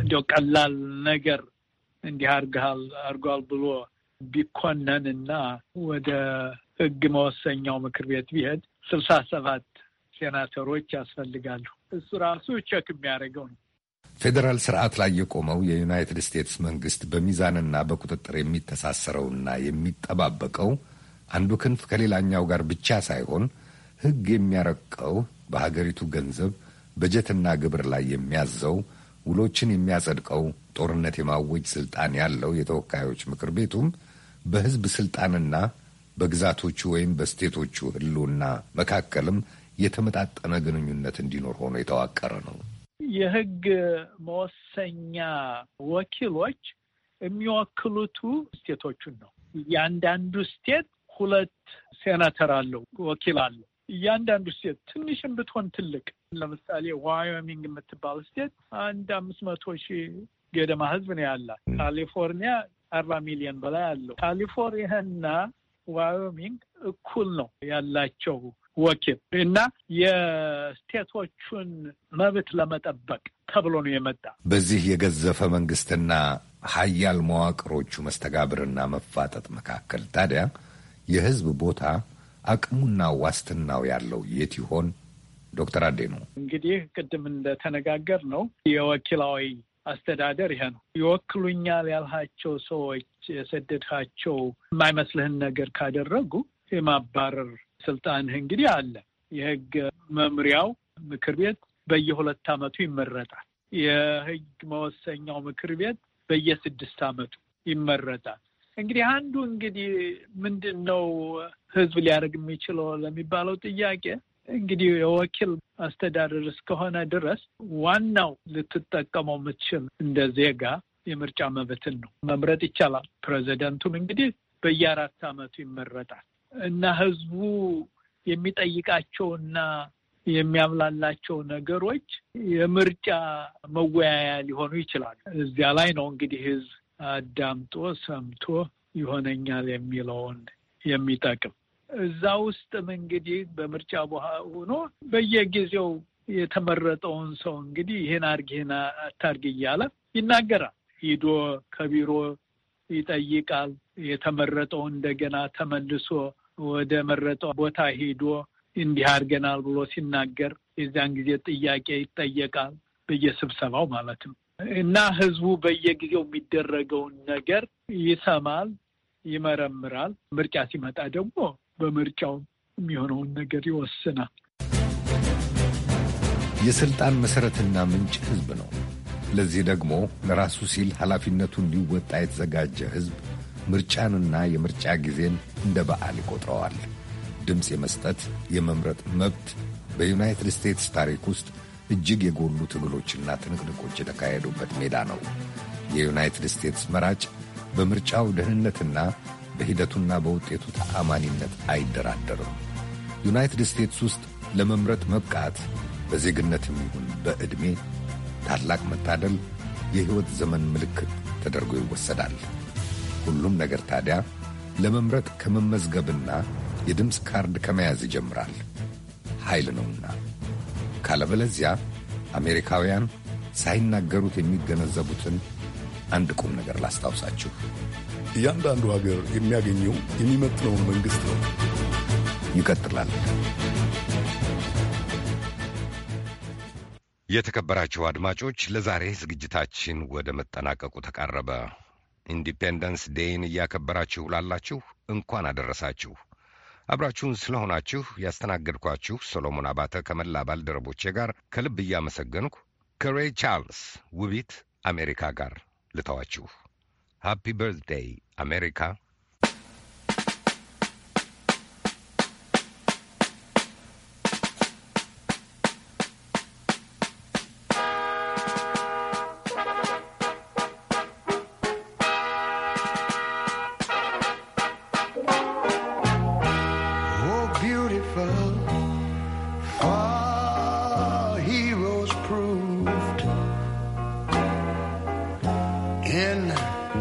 እንዲያው ቀላል ነገር እንዲህ አርግሃል አርጓል ብሎ ቢኮነን እና ወደ ህግ መወሰኛው ምክር ቤት ቢሄድ ስልሳ ሰባት ሴናተሮች ያስፈልጋሉ። እሱ ራሱ ቸክ የሚያደርገው ነው። ፌዴራል ስርዓት ላይ የቆመው የዩናይትድ ስቴትስ መንግስት በሚዛንና በቁጥጥር የሚተሳሰረውና የሚጠባበቀው አንዱ ክንፍ ከሌላኛው ጋር ብቻ ሳይሆን ሕግ የሚያረቀው በሀገሪቱ ገንዘብ በጀትና ግብር ላይ የሚያዘው ውሎችን የሚያጸድቀው ጦርነት የማወጅ ስልጣን ያለው የተወካዮች ምክር ቤቱም በሕዝብ ስልጣንና በግዛቶቹ ወይም በስቴቶቹ ህልውና መካከልም የተመጣጠነ ግንኙነት እንዲኖር ሆኖ የተዋቀረ ነው። የህግ መወሰኛ ወኪሎች የሚወክሉቱ ስቴቶቹን ነው። እያንዳንዱ ስቴት ሁለት ሴናተር አለው፣ ወኪል አለው። እያንዳንዱ ስቴት ትንሽም ብትሆን ትልቅ፣ ለምሳሌ ዋዮሚንግ የምትባል ስቴት አንድ አምስት መቶ ሺህ ገደማ ህዝብ ነው ያላት። ካሊፎርኒያ አርባ ሚሊዮን በላይ አለው። ካሊፎርኒያና ዋዮሚንግ እኩል ነው ያላቸው ወኪል እና የስቴቶቹን መብት ለመጠበቅ ተብሎ ነው የመጣ። በዚህ የገዘፈ መንግስትና ሀያል መዋቅሮቹ መስተጋብርና መፋጠጥ መካከል ታዲያ የህዝብ ቦታ አቅሙና ዋስትናው ያለው የት ይሆን? ዶክተር አዴ ነው እንግዲህ ቅድም እንደተነጋገር ነው የወኪላዊ አስተዳደር ይሄ ነው። ይወክሉኛል ያልሃቸው ሰዎች የሰደድካቸው የማይመስልህን ነገር ካደረጉ የማባረር ስልጣንህ እንግዲህ አለ። የህግ መምሪያው ምክር ቤት በየሁለት ዓመቱ ይመረጣል። የህግ መወሰኛው ምክር ቤት በየስድስት ዓመቱ ይመረጣል። እንግዲህ አንዱ እንግዲህ ምንድን ነው ህዝብ ሊያደርግ የሚችለው ለሚባለው ጥያቄ እንግዲህ የወኪል አስተዳደር እስከሆነ ድረስ ዋናው ልትጠቀመው የምትችል እንደ ዜጋ የምርጫ መብትን ነው። መምረጥ ይቻላል። ፕሬዚደንቱም እንግዲህ በየአራት ዓመቱ ይመረጣል እና ህዝቡ የሚጠይቃቸውና የሚያብላላቸው ነገሮች የምርጫ መወያያ ሊሆኑ ይችላሉ። እዚያ ላይ ነው እንግዲህ ህዝብ አዳምጦ ሰምቶ ይሆነኛል የሚለውን የሚጠቅም እዛ ውስጥም እንግዲህ በምርጫ በኋላ ሆኖ በየጊዜው የተመረጠውን ሰው እንግዲህ ይህን አርግ ይህን አታርግ እያለ ይናገራል። ሂዶ ከቢሮ ይጠይቃል። የተመረጠው እንደገና ተመልሶ ወደ መረጠው ቦታ ሂዶ እንዲህ አድርገናል ብሎ ሲናገር የዚያን ጊዜ ጥያቄ ይጠየቃል በየስብሰባው ማለት ነው። እና ህዝቡ በየጊዜው የሚደረገውን ነገር ይሰማል፣ ይመረምራል። ምርጫ ሲመጣ ደግሞ በምርጫው የሚሆነውን ነገር ይወስናል። የስልጣን መሰረትና ምንጭ ህዝብ ነው። ለዚህ ደግሞ ለራሱ ሲል ኃላፊነቱን ሊወጣ የተዘጋጀ ሕዝብ ምርጫንና የምርጫ ጊዜን እንደ በዓል ይቆጥረዋል። ድምፅ የመስጠት የመምረጥ መብት በዩናይትድ ስቴትስ ታሪክ ውስጥ እጅግ የጎሉ ትግሎችና ትንቅንቆች የተካሄዱበት ሜዳ ነው። የዩናይትድ ስቴትስ መራጭ በምርጫው ደህንነትና በሂደቱና በውጤቱ ተአማኒነት አይደራደርም። ዩናይትድ ስቴትስ ውስጥ ለመምረጥ መብቃት በዜግነትም ይሁን በዕድሜ ታላቅ መታደል የሕይወት ዘመን ምልክት ተደርጎ ይወሰዳል። ሁሉም ነገር ታዲያ ለመምረጥ ከመመዝገብና የድምፅ ካርድ ከመያዝ ይጀምራል። ኃይል ነውና ካለበለዚያ አሜሪካውያን ሳይናገሩት የሚገነዘቡትን አንድ ቁም ነገር ላስታውሳችሁ። እያንዳንዱ ሀገር የሚያገኘው የሚመጥነውን መንግሥት ነው። ይቀጥላል። የተከበራችሁ አድማጮች ለዛሬ ዝግጅታችን ወደ መጠናቀቁ ተቃረበ። ኢንዲፔንደንስ ዴይን እያከበራችሁ ላላችሁ እንኳን አደረሳችሁ። አብራችሁን ስለሆናችሁ ያስተናገድኳችሁ ሶሎሞን አባተ ከመላ ባልደረቦቼ ጋር ከልብ እያመሰገንኩ ከሬይ ቻርልስ ውቢት አሜሪካ ጋር ልተዋችሁ። ሃፒ በርዝዴይ አሜሪካ